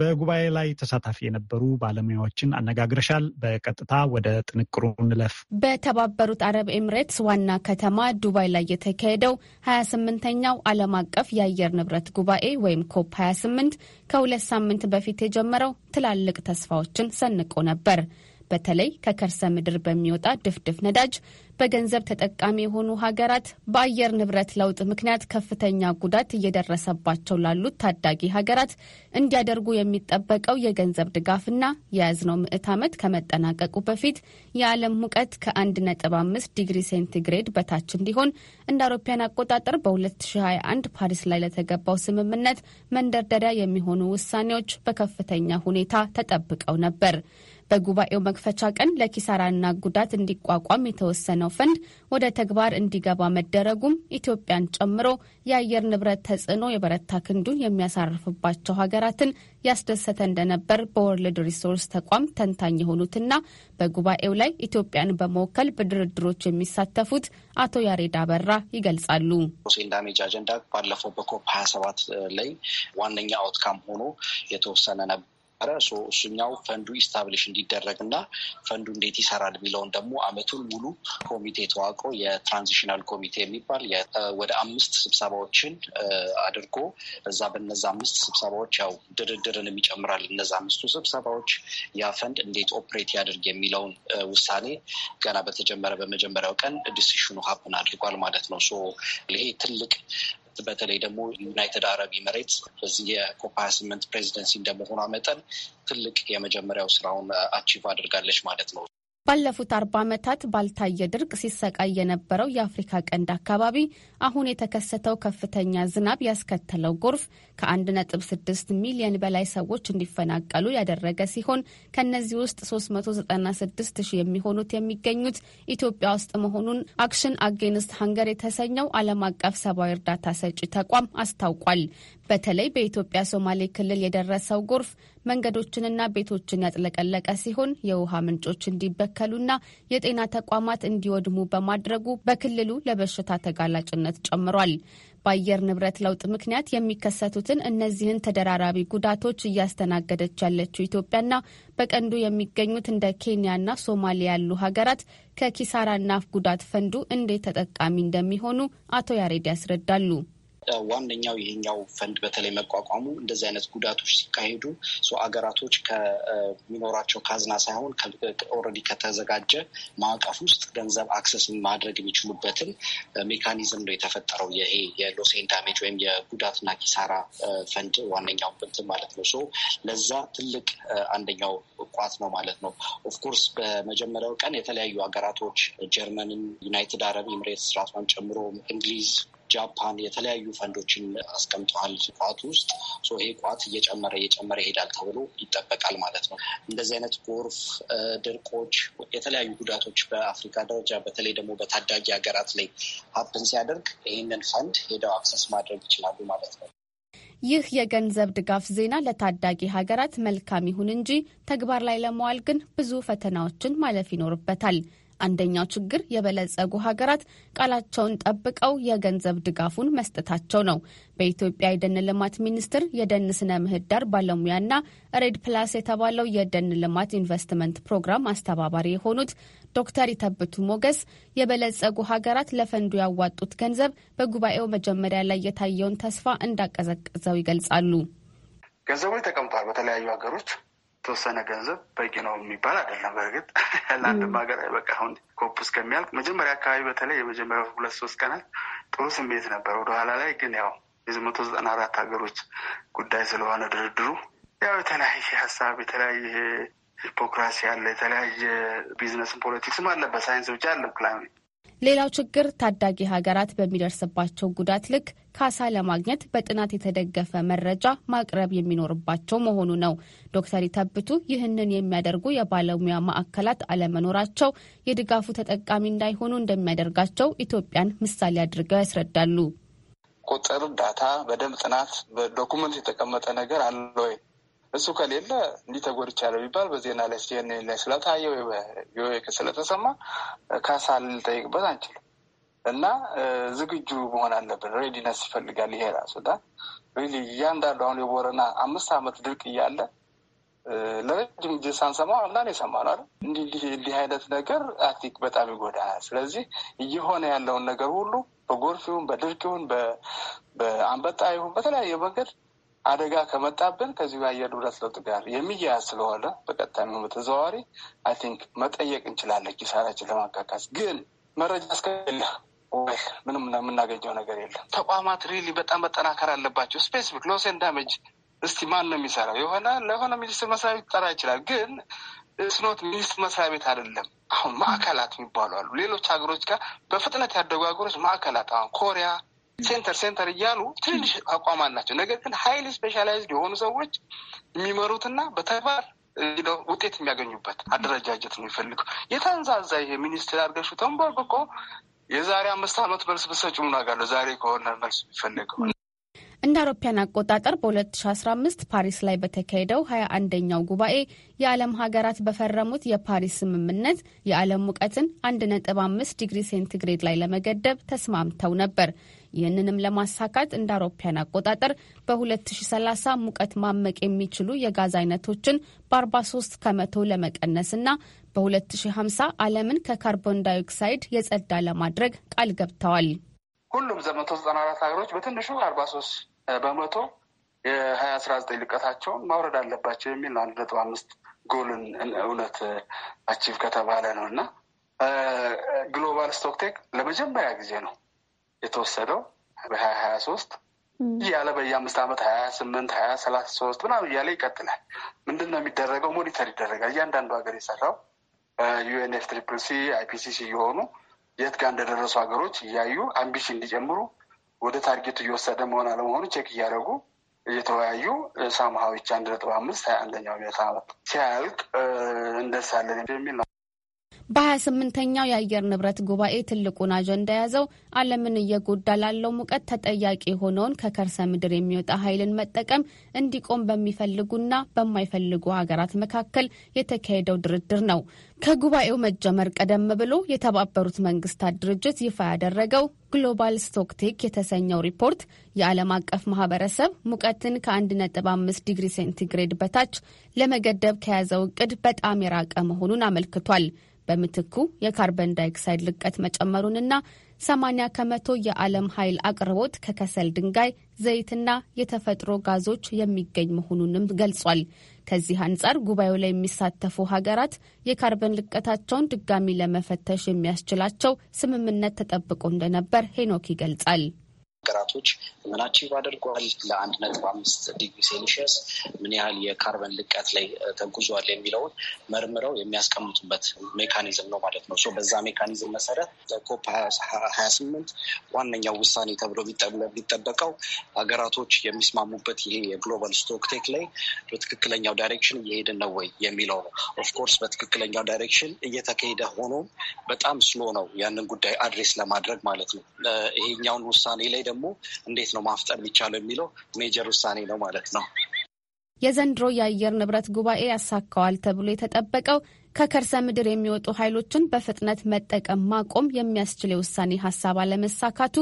በጉባኤ ላይ ተሳታፊ የነበሩ ባለሙያዎችን አነጋግረሻል። በቀጥታ ወደ ጥንቅሩ እንለፍ።
በተባበሩት አረብ ኤምሬትስ ዋና ከተማ ዱባይ ላይ የተካሄደው 28ኛው ዓለም አቀፍ የአየር ንብረት ጉባኤ ወይም ኮፕ 28 ከሁለት ሳምንት በፊት የጀመረው ትላልቅ ተስፋዎችን ሰንቆ ነበር። በተለይ ከከርሰ ምድር በሚወጣ ድፍድፍ ነዳጅ በገንዘብ ተጠቃሚ የሆኑ ሀገራት በአየር ንብረት ለውጥ ምክንያት ከፍተኛ ጉዳት እየደረሰባቸው ላሉት ታዳጊ ሀገራት እንዲያደርጉ የሚጠበቀው የገንዘብ ድጋፍና የያዝነው ምዕት ዓመት ከመጠናቀቁ በፊት የዓለም ሙቀት ከ1.5 ዲግሪ ሴንቲግሬድ በታች እንዲሆን እንደ አውሮፓውያን አቆጣጠር በ2021 ፓሪስ ላይ ለተገባው ስምምነት መንደርደሪያ የሚሆኑ ውሳኔዎች በከፍተኛ ሁኔታ ተጠብቀው ነበር። በጉባኤው መክፈቻ ቀን ለኪሳራና ጉዳት እንዲቋቋም የተወሰነው ፈንድ ወደ ተግባር እንዲገባ መደረጉም ኢትዮጵያን ጨምሮ የአየር ንብረት ተጽዕኖ የበረታ ክንዱን የሚያሳርፍባቸው ሀገራትን ያስደሰተ እንደነበር በወርልድ ሪሶርስ ተቋም ተንታኝ የሆኑትና በጉባኤው ላይ ኢትዮጵያን በመወከል በድርድሮች የሚሳተፉት አቶ ያሬድ አበራ ይገልጻሉ።
ሴን ዳሜጅ አጀንዳ ባለፈው በኮፕ ሀያ ሰባት ላይ ዋነኛ አውትካም ሆኖ የተወሰነ ነበር ነበረ። እሱኛው ፈንዱ ኢስታብሊሽ እንዲደረግ እና ፈንዱ እንዴት ይሰራል የሚለውን ደግሞ አመቱን ሙሉ ኮሚቴ ተዋቅሮ የትራንዚሽናል ኮሚቴ የሚባል ወደ አምስት ስብሰባዎችን አድርጎ እዛ በነዛ አምስት ስብሰባዎች ያው ድርድርን የሚጨምራል። እነዛ አምስቱ ስብሰባዎች ያ ፈንድ እንዴት ኦፕሬት ያደርግ የሚለውን ውሳኔ ገና በተጀመረ በመጀመሪያው ቀን ዲሲሽኑ ሀፕን አድርጓል ማለት ነው። ይሄ ትልቅ በተለይ ደግሞ ዩናይትድ አረብ ኢሚሬትስ በዚህ የኮፕ ሀያ ስምንት ፕሬዚደንሲ እንደመሆኗ መጠን ትልቅ የመጀመሪያው ስራውን አቺቭ አድርጋለች ማለት ነው።
ባለፉት አርባ ዓመታት ባልታየ ድርቅ ሲሰቃይ የነበረው የአፍሪካ ቀንድ አካባቢ አሁን የተከሰተው ከፍተኛ ዝናብ ያስከተለው ጎርፍ ከ1.6 ሚሊዮን በላይ ሰዎች እንዲፈናቀሉ ያደረገ ሲሆን ከእነዚህ ውስጥ 396 ሺህ የሚሆኑት የሚገኙት ኢትዮጵያ ውስጥ መሆኑን አክሽን አጌንስት ሀንገር የተሰኘው ዓለም አቀፍ ሰብአዊ እርዳታ ሰጪ ተቋም አስታውቋል። በተለይ በኢትዮጵያ ሶማሌ ክልል የደረሰው ጎርፍ መንገዶችንና ቤቶችን ያጥለቀለቀ ሲሆን የውሃ ምንጮች እንዲበከሉና የጤና ተቋማት እንዲወድሙ በማድረጉ በክልሉ ለበሽታ ተጋላጭነት ጨምሯል። በአየር ንብረት ለውጥ ምክንያት የሚከሰቱትን እነዚህን ተደራራቢ ጉዳቶች እያስተናገደች ያለችው ኢትዮጵያና በቀንዱ የሚገኙት እንደ ኬንያና ሶማሊያ ያሉ ሀገራት ከኪሳራና ጉዳት ፈንዱ እንዴት ተጠቃሚ እንደሚሆኑ አቶ ያሬድ ያስረዳሉ።
ዋነኛው ይሄኛው ፈንድ በተለይ መቋቋሙ እንደዚህ አይነት ጉዳቶች ሲካሄዱ አገራቶች ከሚኖራቸው ካዝና ሳይሆን ኦልሬዲ ከተዘጋጀ ማዕቀፍ ውስጥ ገንዘብ አክሰስ ማድረግ የሚችሉበትን ሜካኒዝም ነው የተፈጠረው። ይሄ የሎሴን ዳሜጅ ወይም የጉዳትና ኪሳራ ፈንድ ዋነኛው እንትን ማለት ነው። ሶ ለዛ ትልቅ አንደኛው ቋት ነው ማለት ነው። ኦፍኮርስ በመጀመሪያው ቀን የተለያዩ ሀገራቶች ጀርመንን፣ ዩናይትድ አረብ ኤምሬትስ ራሷን ጨምሮ እንግሊዝ ጃፓን የተለያዩ ፈንዶችን አስቀምጠዋል ቋት ውስጥ ይሄ ቋት እየጨመረ እየጨመረ ይሄዳል ተብሎ ይጠበቃል ማለት ነው። እንደዚህ አይነት ጎርፍ፣ ድርቆች፣ የተለያዩ ጉዳቶች በአፍሪካ ደረጃ በተለይ ደግሞ በታዳጊ ሀገራት ላይ ሀፕን ሲያደርግ ይህንን ፈንድ ሄደው አክሰስ ማድረግ ይችላሉ ማለት ነው።
ይህ የገንዘብ ድጋፍ ዜና ለታዳጊ ሀገራት መልካም ይሁን እንጂ ተግባር ላይ ለመዋል ግን ብዙ ፈተናዎችን ማለፍ ይኖርበታል። አንደኛው ችግር የበለጸጉ ሀገራት ቃላቸውን ጠብቀው የገንዘብ ድጋፉን መስጠታቸው ነው። በኢትዮጵያ የደን ልማት ሚኒስቴር የደን ስነ ምህዳር ባለሙያና ሬድ ፕላስ የተባለው የደን ልማት ኢንቨስትመንት ፕሮግራም አስተባባሪ የሆኑት ዶክተር ይተብቱ ሞገስ የበለጸጉ ሀገራት ለፈንዱ ያዋጡት ገንዘብ በጉባኤው መጀመሪያ ላይ የታየውን ተስፋ እንዳቀዘቀዘው ይገልጻሉ።
ገንዘቡ ተቀምጧል። በተለያዩ ሀገሮች የተወሰነ ገንዘብ በቂ ነው የሚባል አይደለም። በእርግጥ ለአንድም ሀገር ላይ በቃ አሁን ኮፕ እስከሚያልቅ መጀመሪያ አካባቢ በተለይ የመጀመሪያ ሁለት ሶስት ቀናት ጥሩ ስሜት ነበር። ወደኋላ ላይ ግን ያው የዚህ መቶ ዘጠና አራት ሀገሮች ጉዳይ ስለሆነ ድርድሩ ያው የተለያየ ሀሳብ የተለያየ ሂፖክራሲ አለ። የተለያየ ቢዝነስን ፖለቲክስም አለበት። ሳይንስ ብቻ አለም ክላይሜት
ሌላው ችግር ታዳጊ ሀገራት በሚደርስባቸው ጉዳት ልክ ካሳ ለማግኘት በጥናት የተደገፈ መረጃ ማቅረብ የሚኖርባቸው መሆኑ ነው። ዶክተር ይተብቱ ይህንን የሚያደርጉ የባለሙያ ማዕከላት አለመኖራቸው የድጋፉ ተጠቃሚ እንዳይሆኑ እንደሚያደርጋቸው ኢትዮጵያን ምሳሌ አድርገው ያስረዳሉ።
ቁጥር፣ ዳታ፣ በደንብ ጥናት በዶኩመንት የተቀመጠ ነገር አለ ወይ? እሱ ከሌለ እንዲህ ተጎድቻለሁ ቢባል በዜና ላይ ሲኤንኤን ላይ ስለታየ ወይ ስለተሰማ ካሳ ልንጠይቅበት አንችልም። እና ዝግጁ መሆን አለብን። ሬዲነስ ይፈልጋል። ይሄ ራሱ እያንዳንዱ አሁን የቦረና አምስት ዓመት ድርቅ እያለ ለረጅም ጊዜ ሳንሰማው አምናን የሰማነው አይደል? እንዲህ እንዲህ አይነት ነገር አቲክ በጣም ይጎዳናል። ስለዚህ እየሆነ ያለውን ነገር ሁሉ በጎርፍ ይሁን በድርቅ ይሁን በአንበጣ ይሁን በተለያየ መንገድ አደጋ ከመጣብን ከዚሁ የአየር ንብረት ለውጥ ጋር የሚያያዝ ስለሆነ በቀጣይ ሆነ በተዘዋዋሪ አይ ቲንክ መጠየቅ እንችላለን። ኪሳራችን ለማካካስ ግን መረጃ እስከሌለ ወይ ምንም የምናገኘው ነገር የለም። ተቋማት ሪሊ በጣም መጠናከር አለባቸው። ስፔሲፊክ ሎሴን ዳሜጅ እስቲ ማን ነው የሚሰራው? የሆነ ለሆነ ሚኒስትር መስሪያ ቤት ጠራ ይችላል፣ ግን እስኖት ሚኒስትር መስሪያ ቤት አይደለም። አሁን ማዕከላት የሚባሉ አሉ። ሌሎች ሀገሮች ጋር በፍጥነት ያደጉ ሀገሮች ማዕከላት አሁን ኮሪያ ሴንተር ሴንተር እያሉ ትንሽ አቋማት ናቸው። ነገር ግን ሀይሊ ስፔሻላይዝድ የሆኑ ሰዎች የሚመሩትና በተግባር ውጤት የሚያገኙበት አደረጃጀት ነው የሚፈልገው። የተንዛዛ ይሄ ሚኒስትር አድርገሹ ተንበርብቆ የዛሬ አምስት ዓመት መልስ ብሰጭ ምናጋለ ዛሬ ከሆነ መልስ የሚፈልገው
እንደ አውሮፓያን አቆጣጠር በ2015 ፓሪስ ላይ በተካሄደው 21ኛው ጉባኤ የዓለም ሀገራት በፈረሙት የፓሪስ ስምምነት የዓለም ሙቀትን 1.5 ዲግሪ ሴንቲግሬድ ላይ ለመገደብ ተስማምተው ነበር። ይህንንም ለማሳካት እንደ አውሮፓያን አቆጣጠር በ2030 ሙቀት ማመቅ የሚችሉ የጋዝ አይነቶችን በ43 ከመቶ ለመቀነስና በ2050 ዓለምን ከካርቦን ዳይኦክሳይድ የጸዳ ለማድረግ ቃል ገብተዋል።
ሁሉም ዘመቶ 94 ሀገሮች በትንሹ 43 በመቶ የ2019 ልቀታቸውን ማውረድ አለባቸው የሚል ነው። አንድ ነጥብ አምስት ጎልን እውነት አቺቭ ከተባለ ነው እና ግሎባል ስቶክቴክ ለመጀመሪያ ጊዜ ነው የተወሰደው በሀያ ሀያ ሶስት እያለ በየአምስት ዓመት ሀያ ስምንት ሀያ ሰላሳ ሶስት ምናምን እያለ ይቀጥላል። ምንድን ነው የሚደረገው? ሞኒተር ይደረጋል። እያንዳንዱ ሀገር የሰራው ዩኤንኤፍ ትሪፕል ሲ አይፒሲሲ የሆኑ የት ጋር እንደደረሱ ሀገሮች እያዩ አምቢሽን እንዲጨምሩ ወደ ታርጌቱ እየወሰደ መሆን አለመሆኑ ቼክ እያደረጉ እየተወያዩ ሳምሃዎች አንድ ነጥብ አምስት ሀያ አንደኛው ዓመት ሲያልቅ እንደርሳለን የሚል ነው።
በ28ኛው የአየር ንብረት ጉባኤ ትልቁን አጀንዳ የያዘው ዓለምን እየጎዳ ላለው ሙቀት ተጠያቂ የሆነውን ከከርሰ ምድር የሚወጣ ኃይልን መጠቀም እንዲቆም በሚፈልጉና በማይፈልጉ ሀገራት መካከል የተካሄደው ድርድር ነው። ከጉባኤው መጀመር ቀደም ብሎ የተባበሩት መንግስታት ድርጅት ይፋ ያደረገው ግሎባል ስቶክቴክ የተሰኘው ሪፖርት የዓለም አቀፍ ማህበረሰብ ሙቀትን ከ1.5 ዲግሪ ሴንቲግሬድ በታች ለመገደብ ከያዘው እቅድ በጣም የራቀ መሆኑን አመልክቷል። በምትኩ የካርበን ዳይኦክሳይድ ልቀት መጨመሩንና 80 ከመቶ የዓለም ኃይል አቅርቦት ከከሰል ድንጋይ፣ ዘይትና የተፈጥሮ ጋዞች የሚገኝ መሆኑንም ገልጿል። ከዚህ አንጻር ጉባኤው ላይ የሚሳተፉ ሀገራት የካርበን ልቀታቸውን ድጋሚ ለመፈተሽ የሚያስችላቸው ስምምነት ተጠብቆ እንደነበር ሄኖክ ይገልጻል።
ሀገራቶች ምን አቺቭ አድርጓል፣ ለአንድ ነጥብ አምስት ዲግሪ ሴልሺየስ ምን ያህል የካርበን ልቀት ላይ ተጉዟል የሚለውን መርምረው የሚያስቀምጡበት ሜካኒዝም ነው ማለት ነው። በዛ ሜካኒዝም መሰረት ኮፕ ሀያ ስምንት ዋነኛው ውሳኔ ተብሎ የሚጠበቀው ሀገራቶች የሚስማሙበት ይሄ የግሎባል ስቶክቴክ ላይ በትክክለኛው ዳይሬክሽን እየሄድን ነው ወይ የሚለው ነው። ኦፍኮርስ በትክክለኛው ዳይሬክሽን እየተካሄደ ሆኖም በጣም ስሎ ነው ያንን ጉዳይ አድሬስ ለማድረግ ማለት ነው። ይሄኛውን ውሳኔ ላይ ደግሞ ደግሞ እንዴት ነው ማፍጠር የሚቻለው የሚለው ሜጀር ውሳኔ ነው ማለት ነው።
የዘንድሮ የአየር ንብረት ጉባኤ ያሳካዋል ተብሎ የተጠበቀው ከከርሰ ምድር የሚወጡ ኃይሎችን በፍጥነት መጠቀም ማቆም የሚያስችል የውሳኔ ሀሳብ አለመሳካቱ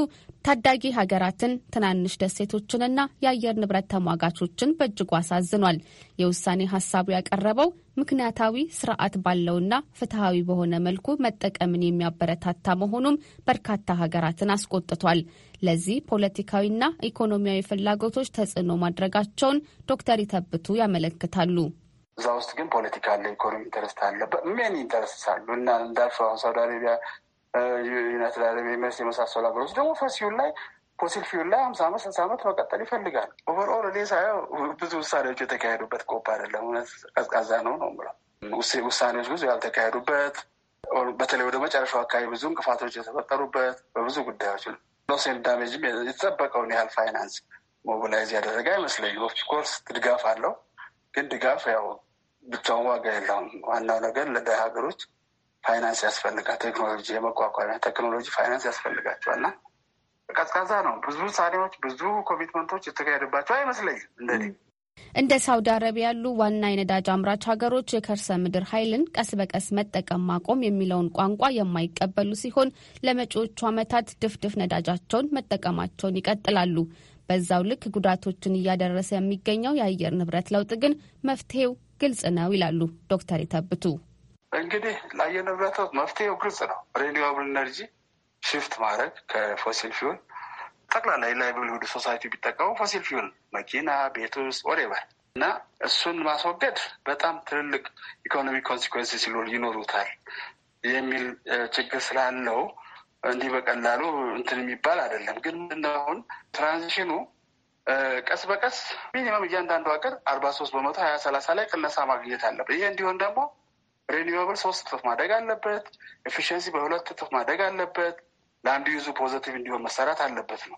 ታዳጊ ሀገራትን ትናንሽ ደሴቶችንና የአየር ንብረት ተሟጋቾችን በእጅጉ አሳዝኗል። የውሳኔ ሀሳቡ ያቀረበው ምክንያታዊ ስርዓት ባለውና ፍትሐዊ በሆነ መልኩ መጠቀምን የሚያበረታታ መሆኑም በርካታ ሀገራትን አስቆጥቷል። ለዚህ ፖለቲካዊና ኢኮኖሚያዊ ፍላጎቶች ተጽዕኖ ማድረጋቸውን ዶክተር ይተብቱ ያመለክታሉ።
እዛ ውስጥ ግን ፖለቲካ አለ፣ ኢኮኖሚ ኢንተረስት አለበት። ሜን ኢንተረስት አሉ እና እንዳልሽው አሁን ሳውዲ አረቢያ ዩናይትድ አረብ ኤምሬትስ የመሳሰሉ ሀገሮች ደግሞ ፈሲዩን ላይ ፎሲል ፊዩል ላይ ሀምሳ አመት ስልሳ አመት መቀጠል ይፈልጋል። ኦቨርኦል እኔ ሳየው ብዙ ውሳኔዎች የተካሄዱበት ኮፕ አይደለም። እውነት ቀዝቃዛ ነው ነው ብለው ውሳኔዎች ብዙ ያልተካሄዱበት በተለይ ወደ መጨረሻው አካባቢ ብዙ እንቅፋቶች የተፈጠሩበት በብዙ ጉዳዮች ሎሴን ዳሜጅም የተጠበቀውን ያህል ፋይናንስ ሞቢላይዝ ያደረገ አይመስለኝ። ኦፍኮርስ ድጋፍ አለው፣ ግን ድጋፍ ያው ብቻውን ዋጋ የለውም። ዋናው ነገር ለደሃ ሀገሮች ፋይናንስ ያስፈልጋል። ቴክኖሎጂ የመቋቋሚያ ቴክኖሎጂ ፋይናንስ ያስፈልጋቸዋል እና ቀዝቃዛ ነው። ብዙ ሳኔዎች ብዙ ኮሚትመንቶች የተካሄደባቸው አይመስለኝም። እንደዚህ
እንደ ሳውዲ አረቢያ ያሉ ዋና የነዳጅ አምራች ሀገሮች የከርሰ ምድር ኃይልን ቀስ በቀስ መጠቀም ማቆም የሚለውን ቋንቋ የማይቀበሉ ሲሆን ለመጪዎቹ ዓመታት ድፍድፍ ነዳጃቸውን መጠቀማቸውን ይቀጥላሉ። በዛው ልክ ጉዳቶችን እያደረሰ የሚገኘው የአየር ንብረት ለውጥ ግን መፍትሄው ግልጽ ነው ይላሉ ዶክተር የተብቱ።
እንግዲህ ለአየር ንብረቱ መፍትሄው ግልጽ ነው። ሬኒዋብል ኤነርጂ ሽፍት ማድረግ ከፎሲል ፊውል ጠቅላላ የላይቭሊሁድ ሶሳይቲ ቢጠቀሙ ፎሲል ፊውል መኪና፣ ቤት ውስጥ ወደበር እና እሱን ማስወገድ በጣም ትልልቅ ኢኮኖሚ ኮንሲኮንስ ሲሉ ይኖሩታል የሚል ችግር ስላለው እንዲህ በቀላሉ እንትን የሚባል አይደለም። ግን ምንድነውን ትራንዚሽኑ ቀስ በቀስ ሚኒመም እያንዳንዱ ሀገር አርባ ሶስት በመቶ ሀያ ሰላሳ ላይ ቅነሳ ማግኘት አለበት። ይሄ እንዲሆን ደግሞ ሬኒዌብል ሶስት እጥፍ ማደግ አለበት። ኤፊሽንሲ በሁለት እጥፍ ማደግ አለበት። ለአንድ ዩዙ ፖዘቲቭ እንዲሆን መሰራት አለበት ነው።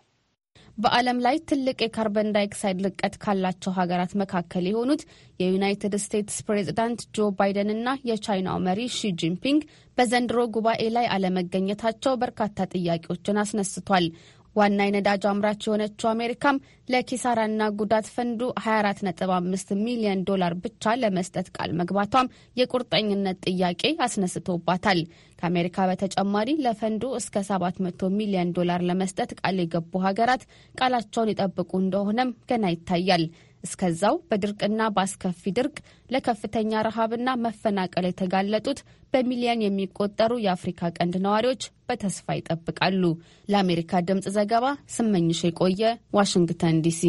በዓለም ላይ ትልቅ የካርበን ዳይኦክሳይድ ልቀት ካላቸው ሀገራት መካከል የሆኑት የዩናይትድ ስቴትስ ፕሬዝዳንት ጆ ባይደን እና የቻይናው መሪ ሺ ጂንፒንግ በዘንድሮ ጉባኤ ላይ አለመገኘታቸው በርካታ ጥያቄዎችን አስነስቷል። ዋና የነዳጅ አምራች የሆነችው አሜሪካም ለኪሳራና ጉዳት ፈንዱ 245 ሚሊዮን ዶላር ብቻ ለመስጠት ቃል መግባቷም የቁርጠኝነት ጥያቄ አስነስቶባታል። ከአሜሪካ በተጨማሪ ለፈንዱ እስከ 700 ሚሊዮን ዶላር ለመስጠት ቃል የገቡ ሀገራት ቃላቸውን ይጠብቁ እንደሆነም ገና ይታያል። እስከዛው በድርቅና በአስከፊ ድርቅ ለከፍተኛ ረሃብና መፈናቀል የተጋለጡት በሚሊዮን የሚቆጠሩ የአፍሪካ ቀንድ ነዋሪዎች በተስፋ ይጠብቃሉ። ለአሜሪካ ድምፅ ዘገባ ስመኝሽ የቆየ ዋሽንግተን ዲሲ።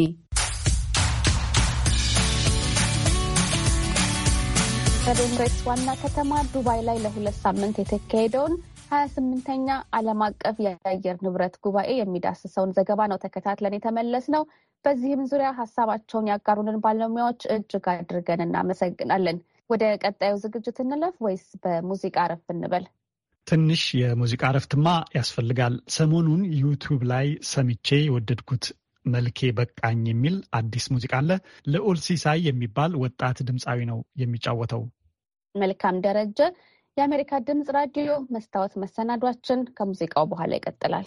በኤምሬትስ ዋና ከተማ ዱባይ ላይ ለሁለት ሳምንት የተካሄደውን ሀያ ስምንተኛ ዓለም አቀፍ የአየር ንብረት ጉባኤ የሚዳስሰውን ዘገባ ነው ተከታትለን የተመለስ ነው። በዚህም ዙሪያ ሀሳባቸውን ያጋሩንን ባለሙያዎች እጅግ አድርገን እናመሰግናለን። ወደ ቀጣዩ ዝግጅት እንለፍ ወይስ በሙዚቃ ረፍ እንበል?
ትንሽ የሙዚቃ ረፍትማ ያስፈልጋል። ሰሞኑን ዩቱብ ላይ ሰምቼ የወደድኩት መልኬ በቃኝ የሚል አዲስ ሙዚቃ አለ። ለኦልሲሳይ የሚባል ወጣት ድምፃዊ ነው የሚጫወተው።
መልካም ደረጀ። የአሜሪካ ድምፅ ራዲዮ መስታወት መሰናዷችን ከሙዚቃው በኋላ ይቀጥላል።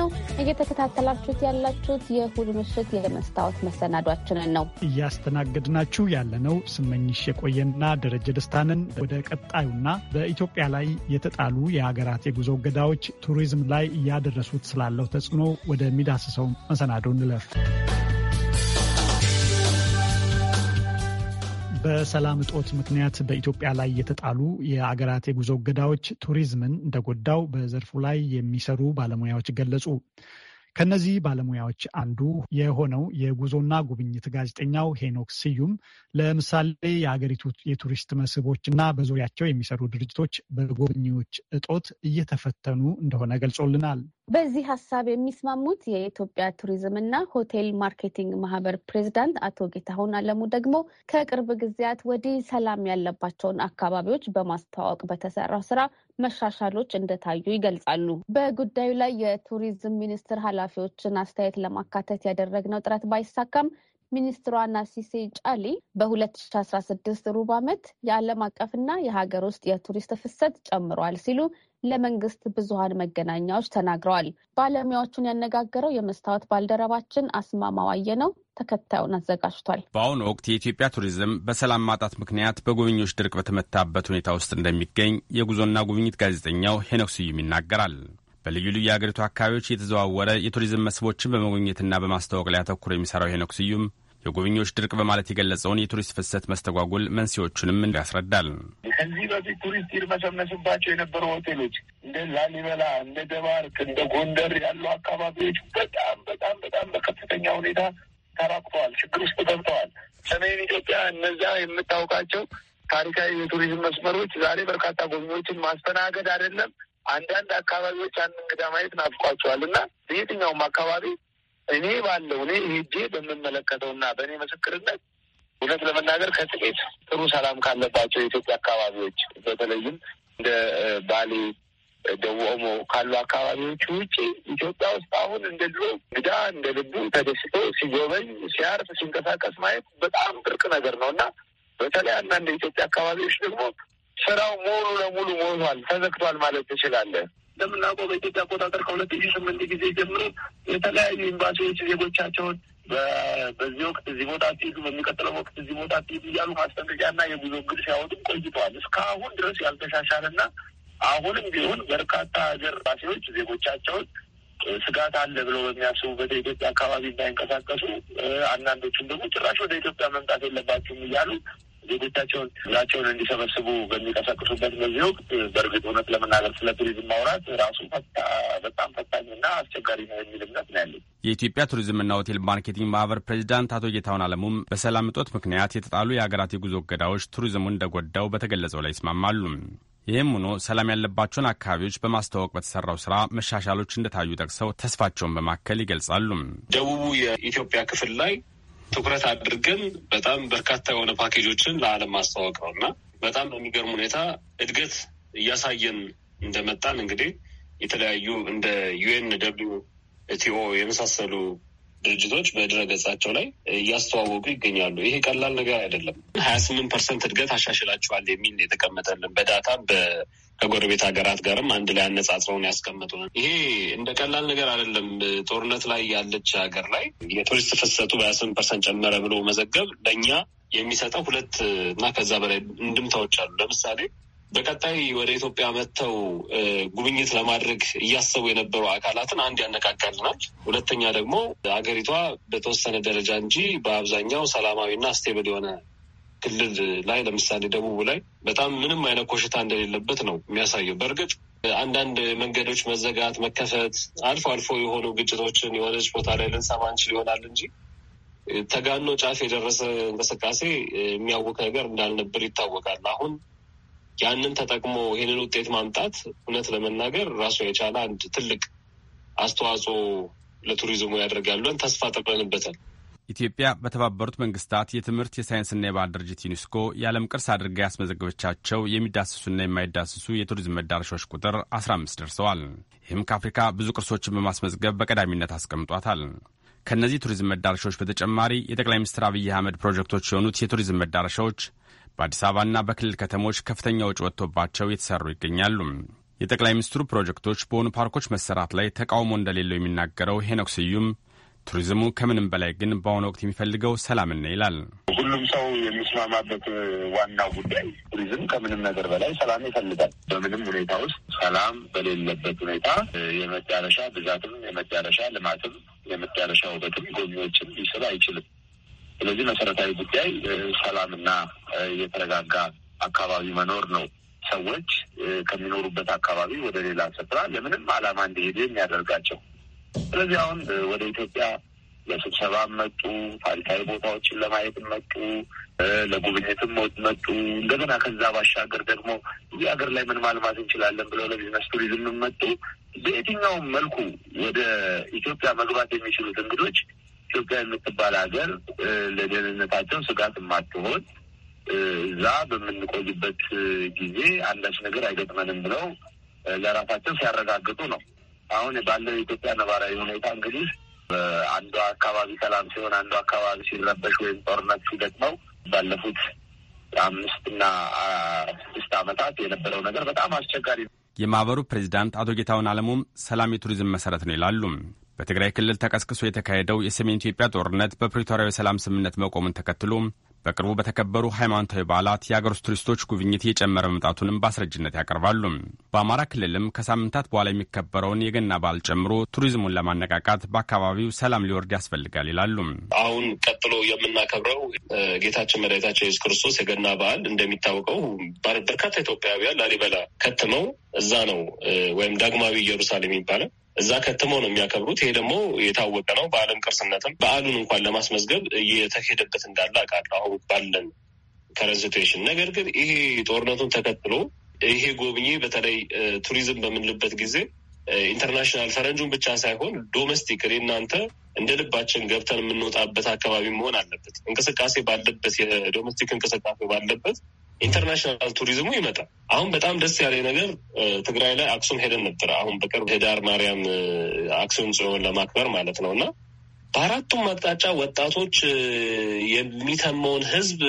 ነው። እየተከታተላችሁት ያላችሁት የእሁድ ምሽት የመስታወት
መሰናዷችንን ነው እያስተናገድናችሁ ያለነው ስመኝሽ የቆየና ደረጀ ደስታንን። ወደ ቀጣዩና በኢትዮጵያ ላይ የተጣሉ የሀገራት የጉዞ እገዳዎች ቱሪዝም ላይ እያደረሱት ስላለው ተጽዕኖ ወደሚዳስሰው መሰናዶ እንለፍ። በሰላም እጦት ምክንያት በኢትዮጵያ ላይ የተጣሉ የአገራት የጉዞ እገዳዎች ቱሪዝምን እንደጎዳው በዘርፉ ላይ የሚሰሩ ባለሙያዎች ገለጹ። ከነዚህ ባለሙያዎች አንዱ የሆነው የጉዞና ጉብኝት ጋዜጠኛው ሄኖክ ስዩም ለምሳሌ የሀገሪቱ የቱሪስት መስህቦች እና በዙሪያቸው የሚሰሩ ድርጅቶች በጎብኚዎች እጦት እየተፈተኑ እንደሆነ ገልጾልናል።
በዚህ ሀሳብ የሚስማሙት የኢትዮጵያ ቱሪዝም እና ሆቴል ማርኬቲንግ ማህበር ፕሬዚዳንት አቶ ጌታሁን አለሙ ደግሞ ከቅርብ ጊዜያት ወዲህ ሰላም ያለባቸውን አካባቢዎች በማስተዋወቅ በተሰራው ስራ መሻሻሎች እንደታዩ ይገልጻሉ። በጉዳዩ ላይ የቱሪዝም ሚኒስቴር ኃላፊዎችን አስተያየት ለማካተት ያደረግነው ጥረት ባይሳካም ሚኒስትሯ ናሲሴ ጫሊ በ2016 ሩብ ዓመት የዓለም አቀፍና የሀገር ውስጥ የቱሪስት ፍሰት ጨምሯል ሲሉ ለመንግስት ብዙሀን መገናኛዎች ተናግረዋል። ባለሙያዎቹን ያነጋገረው የመስታወት ባልደረባችን አስማማዋየ ነው። ተከታዩን አዘጋጅቷል።
በአሁኑ ወቅት የኢትዮጵያ ቱሪዝም በሰላም ማጣት ምክንያት በጎብኚዎች ድርቅ በተመታበት ሁኔታ ውስጥ እንደሚገኝ የጉዞና ጉብኝት ጋዜጠኛው ሄኖክ ስዩም ይናገራል። በልዩ ልዩ የአገሪቱ አካባቢዎች እየተዘዋወረ የቱሪዝም መስህቦችን በመጎብኘትና በማስተዋወቅ ላይ ያተኩረ የሚሰራው ሄኖክ ስዩም የጎብኚዎች ድርቅ በማለት የገለጸውን የቱሪስት ፍሰት መስተጓጎል መንስኤዎቹንም ያስረዳል።
ከዚህ በፊት ቱሪስት ይርመሰመስባቸው የነበሩ ሆቴሎች እንደ ላሊበላ፣ እንደ ደባርክ፣ እንደ ጎንደር ያሉ አካባቢዎች በጣም በጣም በጣም በከፍተኛ ሁኔታ ተራቁተዋል፣ ችግር ውስጥ ገብተዋል። ሰሜን ኢትዮጵያ እነዛ የምታውቃቸው ታሪካዊ የቱሪዝም መስመሮች ዛሬ በርካታ ጎብኚዎችን ማስተናገድ አይደለም አንዳንድ አካባቢዎች አንድ እንግዳ ማየት ናፍቋቸዋል እና በየትኛውም አካባቢ እኔ ባለው እኔ ሄጄ በምመለከተውና በእኔ ምስክርነት እውነት ለመናገር ከጥቂት ጥሩ ሰላም ካለባቸው የኢትዮጵያ አካባቢዎች በተለይም እንደ ባሌ፣ ደቡብ ኦሞ ካሉ አካባቢዎች ውጭ ኢትዮጵያ ውስጥ አሁን እንደ ድሮ እንግዳ እንደ ልቡ ተደስቶ ሲጎበኝ፣ ሲያርፍ፣ ሲንቀሳቀስ ማየት በጣም ብርቅ ነገር ነው እና በተለይ አንዳንድ የኢትዮጵያ አካባቢዎች ደግሞ ስራው ሙሉ ለሙሉ ሞቷል፣ ተዘግቷል ማለት ትችላለህ። እንደምናውቀው በኢትዮጵያ አቆጣጠር ከሁለት ሺ ስምንት ጊዜ ጀምሮ የተለያዩ ኤምባሲዎች ዜጎቻቸውን በዚህ ወቅት እዚህ ቦታ አትሄዱ፣ በሚቀጥለው ወቅት እዚህ ቦታ አትሄዱ እያሉ ማስጠንቀቂያና የጉዞ እግድ ሲያወጡም ቆይተዋል። እስካሁን ድረስ ያልተሻሻለና አሁንም ቢሆን በርካታ ሀገር ኤምባሲዎች ዜጎቻቸውን ስጋት አለ ብለው በሚያስቡበት የኢትዮጵያ አካባቢ እንዳይንቀሳቀሱ፣ አንዳንዶቹም ደግሞ ጭራሽ ወደ ኢትዮጵያ መምጣት የለባችሁም እያሉ ዜጎቻቸውን ዛቸውን እንዲሰበስቡ በሚቀሰቅሱበት በዚህ ወቅት በእርግጥ እውነት ለመናገር ስለ ቱሪዝም ማውራት ራሱ በጣም ፈታኝና አስቸጋሪ ነው የሚል እምነት ነው ያለኝ።
የኢትዮጵያ ቱሪዝምና ሆቴል ማርኬቲንግ ማህበር ፕሬዚዳንት አቶ ጌታሁን አለሙም በሰላም እጦት ምክንያት የተጣሉ የሀገራት የጉዞ እገዳዎች ቱሪዝሙን እንደጎዳው በተገለጸው ላይ ይስማማሉ። ይህም ሆኖ ሰላም ያለባቸውን አካባቢዎች በማስተዋወቅ በተሰራው ስራ መሻሻሎች እንደታዩ ጠቅሰው ተስፋቸውን በማከል ይገልጻሉ።
ደቡቡ የኢትዮጵያ ክፍል ላይ ትኩረት አድርገን በጣም በርካታ የሆነ ፓኬጆችን ለዓለም ማስተዋወቅ ነው እና በጣም በሚገርም ሁኔታ እድገት እያሳየን እንደመጣን እንግዲህ የተለያዩ እንደ ዩኤን ደብሊው ቲኦ የመሳሰሉ ድርጅቶች በድረገጻቸው ላይ እያስተዋወቁ ይገኛሉ። ይሄ ቀላል ነገር አይደለም። ሀያ ስምንት ፐርሰንት እድገት አሻሽላችኋል የሚል የተቀመጠልን በዳታ ከጎረቤት ሀገራት ጋርም አንድ ላይ አነጻጽረውን ያስቀምጡ። ይሄ
እንደ ቀላል ነገር አይደለም። ጦርነት ላይ ያለች ሀገር ላይ የቱሪስት ፍሰቱ በሀያ ስምንት
ፐርሰንት ጨመረ ብሎ መዘገብ ለእኛ የሚሰጠው ሁለት እና ከዛ በላይ እንድምታዎች አሉ። ለምሳሌ በቀጣይ ወደ ኢትዮጵያ መጥተው ጉብኝት ለማድረግ እያሰቡ የነበሩ አካላትን አንድ ያነቃቃልናል፣ ሁለተኛ ደግሞ አገሪቷ በተወሰነ ደረጃ እንጂ በአብዛኛው ሰላማዊና ስቴብል የሆነ ክልል ላይ ለምሳሌ ደቡቡ ላይ በጣም ምንም አይነት ኮሽታ እንደሌለበት ነው የሚያሳየው። በእርግጥ አንዳንድ መንገዶች መዘጋት፣ መከፈት፣ አልፎ አልፎ የሆኑ ግጭቶችን የሆነች ቦታ ላይ ልንሰማ እንችል ይሆናል እንጂ ተጋኖ ጫፍ የደረሰ እንቅስቃሴ የሚያውቅ ነገር እንዳልነበር ይታወቃል። አሁን ያንን ተጠቅሞ ይህንን ውጤት ማምጣት እውነት ለመናገር ራሱ የቻለ አንድ ትልቅ አስተዋጽኦ ለቱሪዝሙ ያደርጋል ተስፋ ጠቅለንበታል።
ኢትዮጵያ በተባበሩት መንግስታት የትምህርት የሳይንስና የባህል ድርጅት ዩኒስኮ የዓለም ቅርስ አድርጋ ያስመዘገበቻቸው የሚዳስሱና የማይዳስሱ የቱሪዝም መዳረሻዎች ቁጥር 15 ደርሰዋል። ይህም ከአፍሪካ ብዙ ቅርሶችን በማስመዝገብ በቀዳሚነት አስቀምጧታል። ከእነዚህ ቱሪዝም መዳረሻዎች በተጨማሪ የጠቅላይ ሚኒስትር አብይ አህመድ ፕሮጀክቶች የሆኑት የቱሪዝም መዳረሻዎች በአዲስ አበባና በክልል ከተሞች ከፍተኛ ወጪ ወጥቶባቸው የተሰሩ ይገኛሉ። የጠቅላይ ሚኒስትሩ ፕሮጀክቶች በሆኑ ፓርኮች መሰራት ላይ ተቃውሞ እንደሌለው የሚናገረው ሄኖክ ስዩም ቱሪዝሙ ከምንም በላይ ግን በአሁኑ ወቅት የሚፈልገው ሰላም ነው ይላል።
ሁሉም ሰው የሚስማማበት ዋናው ጉዳይ ቱሪዝም ከምንም ነገር በላይ ሰላም ይፈልጋል። በምንም ሁኔታ ውስጥ ሰላም በሌለበት ሁኔታ የመዳረሻ ብዛትም፣ የመዳረሻ ልማትም፣ የመዳረሻ ውበትም ጎብኚዎችን ሊስብ አይችልም። ስለዚህ መሰረታዊ ጉዳይ ሰላምና የተረጋጋ አካባቢ መኖር ነው። ሰዎች ከሚኖሩበት አካባቢ ወደ ሌላ ስፍራ ለምንም ዓላማ እንዲሄዱ የሚያደርጋቸው። ስለዚህ አሁን ወደ ኢትዮጵያ ለስብሰባም መጡ፣ ታሪካዊ ቦታዎችን ለማየትም መጡ፣ ለጉብኝትም መጡ። እንደገና ከዛ ባሻገር ደግሞ እዚህ ሀገር ላይ ምን ማልማት እንችላለን ብለው ለቢዝነስ ቱሪዝምም መጡ። በየትኛውም መልኩ ወደ ኢትዮጵያ መግባት የሚችሉት እንግዶች ኢትዮጵያ የምትባል ሀገር ለደህንነታቸው ስጋት የማትሆን እዛ በምንቆይበት ጊዜ አንዳች ነገር አይገጥመንም ብለው ለራሳቸው ሲያረጋግጡ ነው። አሁን ባለው የኢትዮጵያ ነባራዊ ሁኔታ እንግዲህ አንዱ አካባቢ ሰላም ሲሆን፣ አንዱ አካባቢ ሲረበሽ ወይም ጦርነት ሲገጥመው ባለፉት አምስትና ስድስት ዓመታት የነበረው ነገር በጣም አስቸጋሪ ነው።
የማህበሩ ፕሬዚዳንት አቶ ጌታሁን አለሙም ሰላም የቱሪዝም መሰረት ነው ይላሉ። በትግራይ ክልል ተቀስቅሶ የተካሄደው የሰሜን ኢትዮጵያ ጦርነት በፕሪቶሪያው የሰላም ስምምነት መቆሙን ተከትሎ በቅርቡ በተከበሩ ሃይማኖታዊ በዓላት የአገር ውስጥ ቱሪስቶች ጉብኝት እየጨመረ መምጣቱንም በአስረጅነት ያቀርባሉ። በአማራ ክልልም ከሳምንታት በኋላ የሚከበረውን የገና በዓል ጨምሮ ቱሪዝሙን ለማነቃቃት በአካባቢው ሰላም ሊወርድ ያስፈልጋል ይላሉ።
አሁን ቀጥሎ የምናከብረው ጌታችን መድኃኒታችን የሱስ ክርስቶስ የገና በዓል እንደሚታወቀው በርካታ ኢትዮጵያውያን ላሊበላ ከትመው እዛ ነው ወይም ዳግማዊ ኢየሩሳሌም ይባላል እዛ ከትመው ነው የሚያከብሩት። ይሄ ደግሞ የታወቀ ነው። በዓለም ቅርስነትም በዓሉን እንኳን ለማስመዝገብ እየተሄደበት እንዳለ አውቃለሁ አሁን ባለን ከረን ሲትዌሽን። ነገር ግን ይሄ ጦርነቱን ተከትሎ ይሄ ጎብኚ በተለይ ቱሪዝም በምንልበት ጊዜ ኢንተርናሽናል ፈረንጁን ብቻ ሳይሆን ዶሜስቲክ እናንተ እንደ ልባችን ገብተን የምንወጣበት አካባቢ መሆን አለበት። እንቅስቃሴ ባለበት የዶሜስቲክ እንቅስቃሴ ባለበት ኢንተርናሽናል ቱሪዝሙ ይመጣል። አሁን በጣም ደስ ያለ ነገር ትግራይ ላይ አክሱም ሄደን ነበር። አሁን በቅርብ ህዳር ማርያም አክሱም ጽዮን ለማክበር ማለት ነው እና በአራቱም አቅጣጫ ወጣቶች የሚተመውን ህዝብ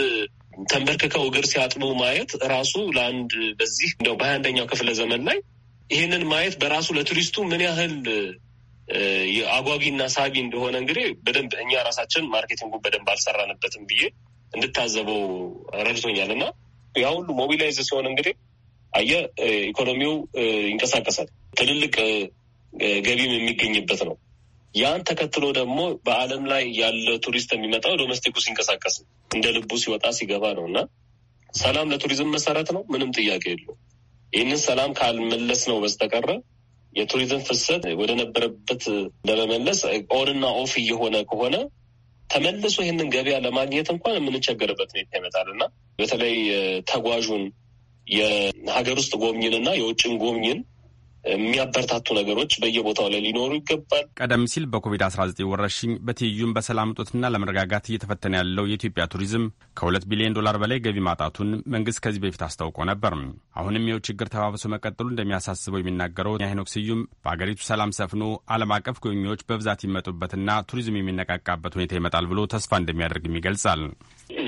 ተንበርክከው እግር ሲያጥቡ ማየት ራሱ ለአንድ በዚህ እንደው በሀያ አንደኛው ክፍለ ዘመን ላይ ይህንን ማየት በራሱ ለቱሪስቱ ምን ያህል አጓጊና ሳቢ እንደሆነ እንግዲህ በደንብ እኛ ራሳችን ማርኬቲንጉ በደንብ አልሰራንበትም ብዬ እንድታዘበው ረድቶኛል እና ያ ሁሉ ሞቢላይዝ ሲሆን እንግዲህ አየ ኢኮኖሚው ይንቀሳቀሳል። ትልልቅ ገቢም የሚገኝበት ነው። ያን ተከትሎ ደግሞ በዓለም ላይ ያለ ቱሪስት የሚመጣው ዶሜስቲኩ ሲንቀሳቀስ እንደ ልቡ ሲወጣ ሲገባ ነው እና ሰላም ለቱሪዝም መሰረት ነው። ምንም ጥያቄ የለው። ይህንን ሰላም ካልመለስ ነው በስተቀረ የቱሪዝም ፍሰት ወደ ነበረበት ለመመለስ ኦንና ኦፍ እየሆነ ከሆነ ተመልሶ ይህንን ገበያ ለማግኘት እንኳን የምንቸገርበት ሁኔታ ይመጣል እና በተለይ ተጓዡን የሀገር ውስጥ ጎብኝንና የውጭን ጎብኝን የሚያበረታቱ ነገሮች በየቦታው ላይ ሊኖሩ ይገባል።
ቀደም ሲል በኮቪድ-19 ወረርሽኝ በትይዩም በሰላም እጦትና ለመረጋጋት እየተፈተነ ያለው የኢትዮጵያ ቱሪዝም ከሁለት ቢሊዮን ዶላር በላይ ገቢ ማጣቱን መንግስት ከዚህ በፊት አስታውቆ ነበር። አሁንም ይኸው ችግር ተባብሶ መቀጠሉ እንደሚያሳስበው የሚናገረው ሄኖክ ስዩም በአገሪቱ ሰላም ሰፍኖ ዓለም አቀፍ ጎብኚዎች በብዛት ይመጡበትና ቱሪዝም የሚነቃቃበት ሁኔታ ይመጣል ብሎ ተስፋ እንደሚያደርግም ይገልጻል።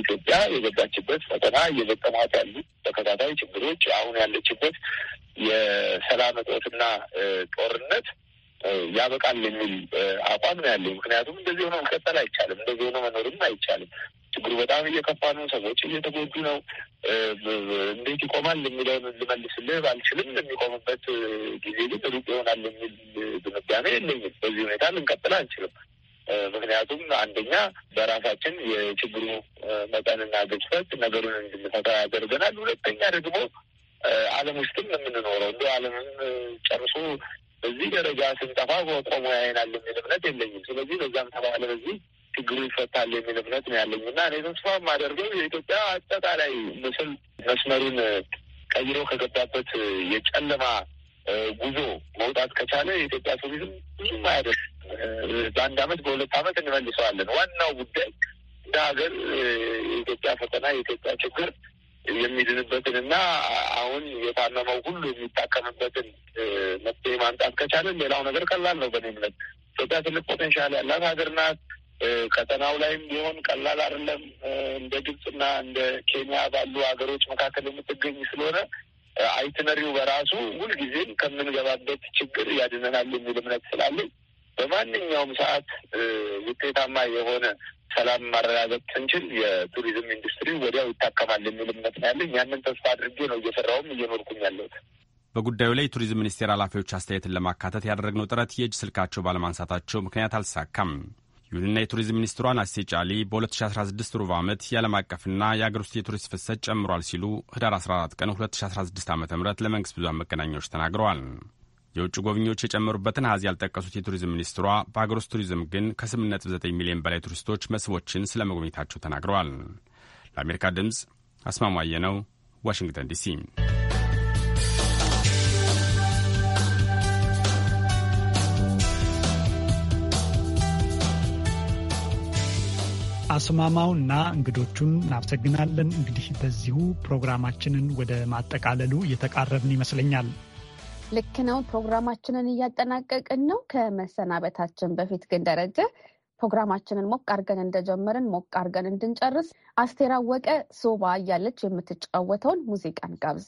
ኢትዮጵያ የዘጋችበት ፈተና እየዘቀማት ያሉ ተከታታይ ችግሮች አሁን ያለችበት የሰላም እጦትና ጦርነት ያበቃል የሚል አቋም ነው ያለኝ። ምክንያቱም እንደዚህ ሆኖ መቀጠል አይቻልም፣ እንደዚህ ሆኖ መኖርም አይቻልም። ችግሩ በጣም እየከፋ ነው፣ ሰዎች እየተጎዱ ነው። እንዴት ይቆማል የሚለውን ልመልስልህ ባልችልም የሚቆምበት ጊዜ ግን ሩቅ ይሆናል የሚል ድምዳሜ የለኝም። በዚህ ሁኔታ ልንቀጥል አንችልም። ምክንያቱም አንደኛ በራሳችን የችግሩ መጠንና ግጭፈት ነገሩን እንድንፈታ ያደርገናል። ሁለተኛ ደግሞ ዓለም ውስጥም የምንኖረው እንዲ ዓለምም ጨርሶ በዚህ ደረጃ ስንጠፋ ቆሞ ያይናል የሚል እምነት የለኝም። ስለዚህ በዛም ተባለ በዚህ ችግሩ ይፈታል የሚል እምነት ነው ያለኝ እና እኔ ተስፋ የማደርገው የኢትዮጵያ አጠቃላይ ምስል መስመሩን ቀይሮ ከገባበት የጨለማ ጉዞ መውጣት ከቻለ የኢትዮጵያ ቱሪዝም ብዙም አያደርስ በአንድ አመት በሁለት አመት እንመልሰዋለን። ዋናው ጉዳይ እንደ ሀገር የኢትዮጵያ ፈተና የኢትዮጵያ ችግር የሚድንበትንና አሁን የታመመው ሁሉ የሚታከምበትን መፍትሄ ማምጣት ከቻለን ሌላው ነገር ቀላል ነው። በእኔ እምነት ኢትዮጵያ ትልቅ ፖቴንሻል ያላት ሀገር ናት። ቀጠናው ላይም ቢሆን ቀላል አይደለም። እንደ ግብፅና እንደ ኬንያ ባሉ ሀገሮች መካከል የምትገኝ ስለሆነ አይትነሪው በራሱ ሁልጊዜም ከምንገባበት ችግር ያድነናል የሚል እምነት ስላለኝ በማንኛውም ሰዓት ውጤታማ የሆነ ሰላም ማረጋገጥ ስንችል የቱሪዝም ኢንዱስትሪ ወዲያው ይታከማል የሚል እምነት ነው ያለኝ። ያንን ተስፋ አድርጌ ነው እየሰራውም እየኖርኩኝ ያለሁት።
በጉዳዩ ላይ የቱሪዝም ሚኒስቴር ኃላፊዎች አስተያየትን ለማካተት ያደረግነው ጥረት የእጅ ስልካቸው ባለማንሳታቸው ምክንያት አልተሳካም። ይሁንና የቱሪዝም ሚኒስትሯን አሴ ጫሊ በ2016 ሩብ ዓመት የዓለም አቀፍና የአገር ውስጥ የቱሪስት ፍሰት ጨምሯል ሲሉ ህዳር 14 ቀን 2016 ዓ ም ለመንግሥት ብዙኃን መገናኛዎች ተናግረዋል። የውጭ ጎብኚዎች የጨመሩበትን አሃዝ ያልጠቀሱት የቱሪዝም ሚኒስትሯ በሀገር ውስጥ ቱሪዝም ግን ከ8.9 ሚሊዮን በላይ ቱሪስቶች መስህቦችን ስለ መጎብኘታቸው ተናግረዋል። ለአሜሪካ ድምፅ አስማማየ ነው፣ ዋሽንግተን ዲሲ።
አስማማውና እንግዶቹን እናመሰግናለን። እንግዲህ በዚሁ ፕሮግራማችንን ወደ ማጠቃለሉ እየተቃረብን ይመስለኛል።
ልክ ነው። ፕሮግራማችንን እያጠናቀቅን ነው። ከመሰናበታችን በፊት ግን ደረጀ ፕሮግራማችንን ሞቅ አድርገን እንደጀመርን ሞቅ አድርገን እንድንጨርስ አስቴር አወቀ ሶባ እያለች የምትጫወተውን ሙዚቃን ጋብዝ።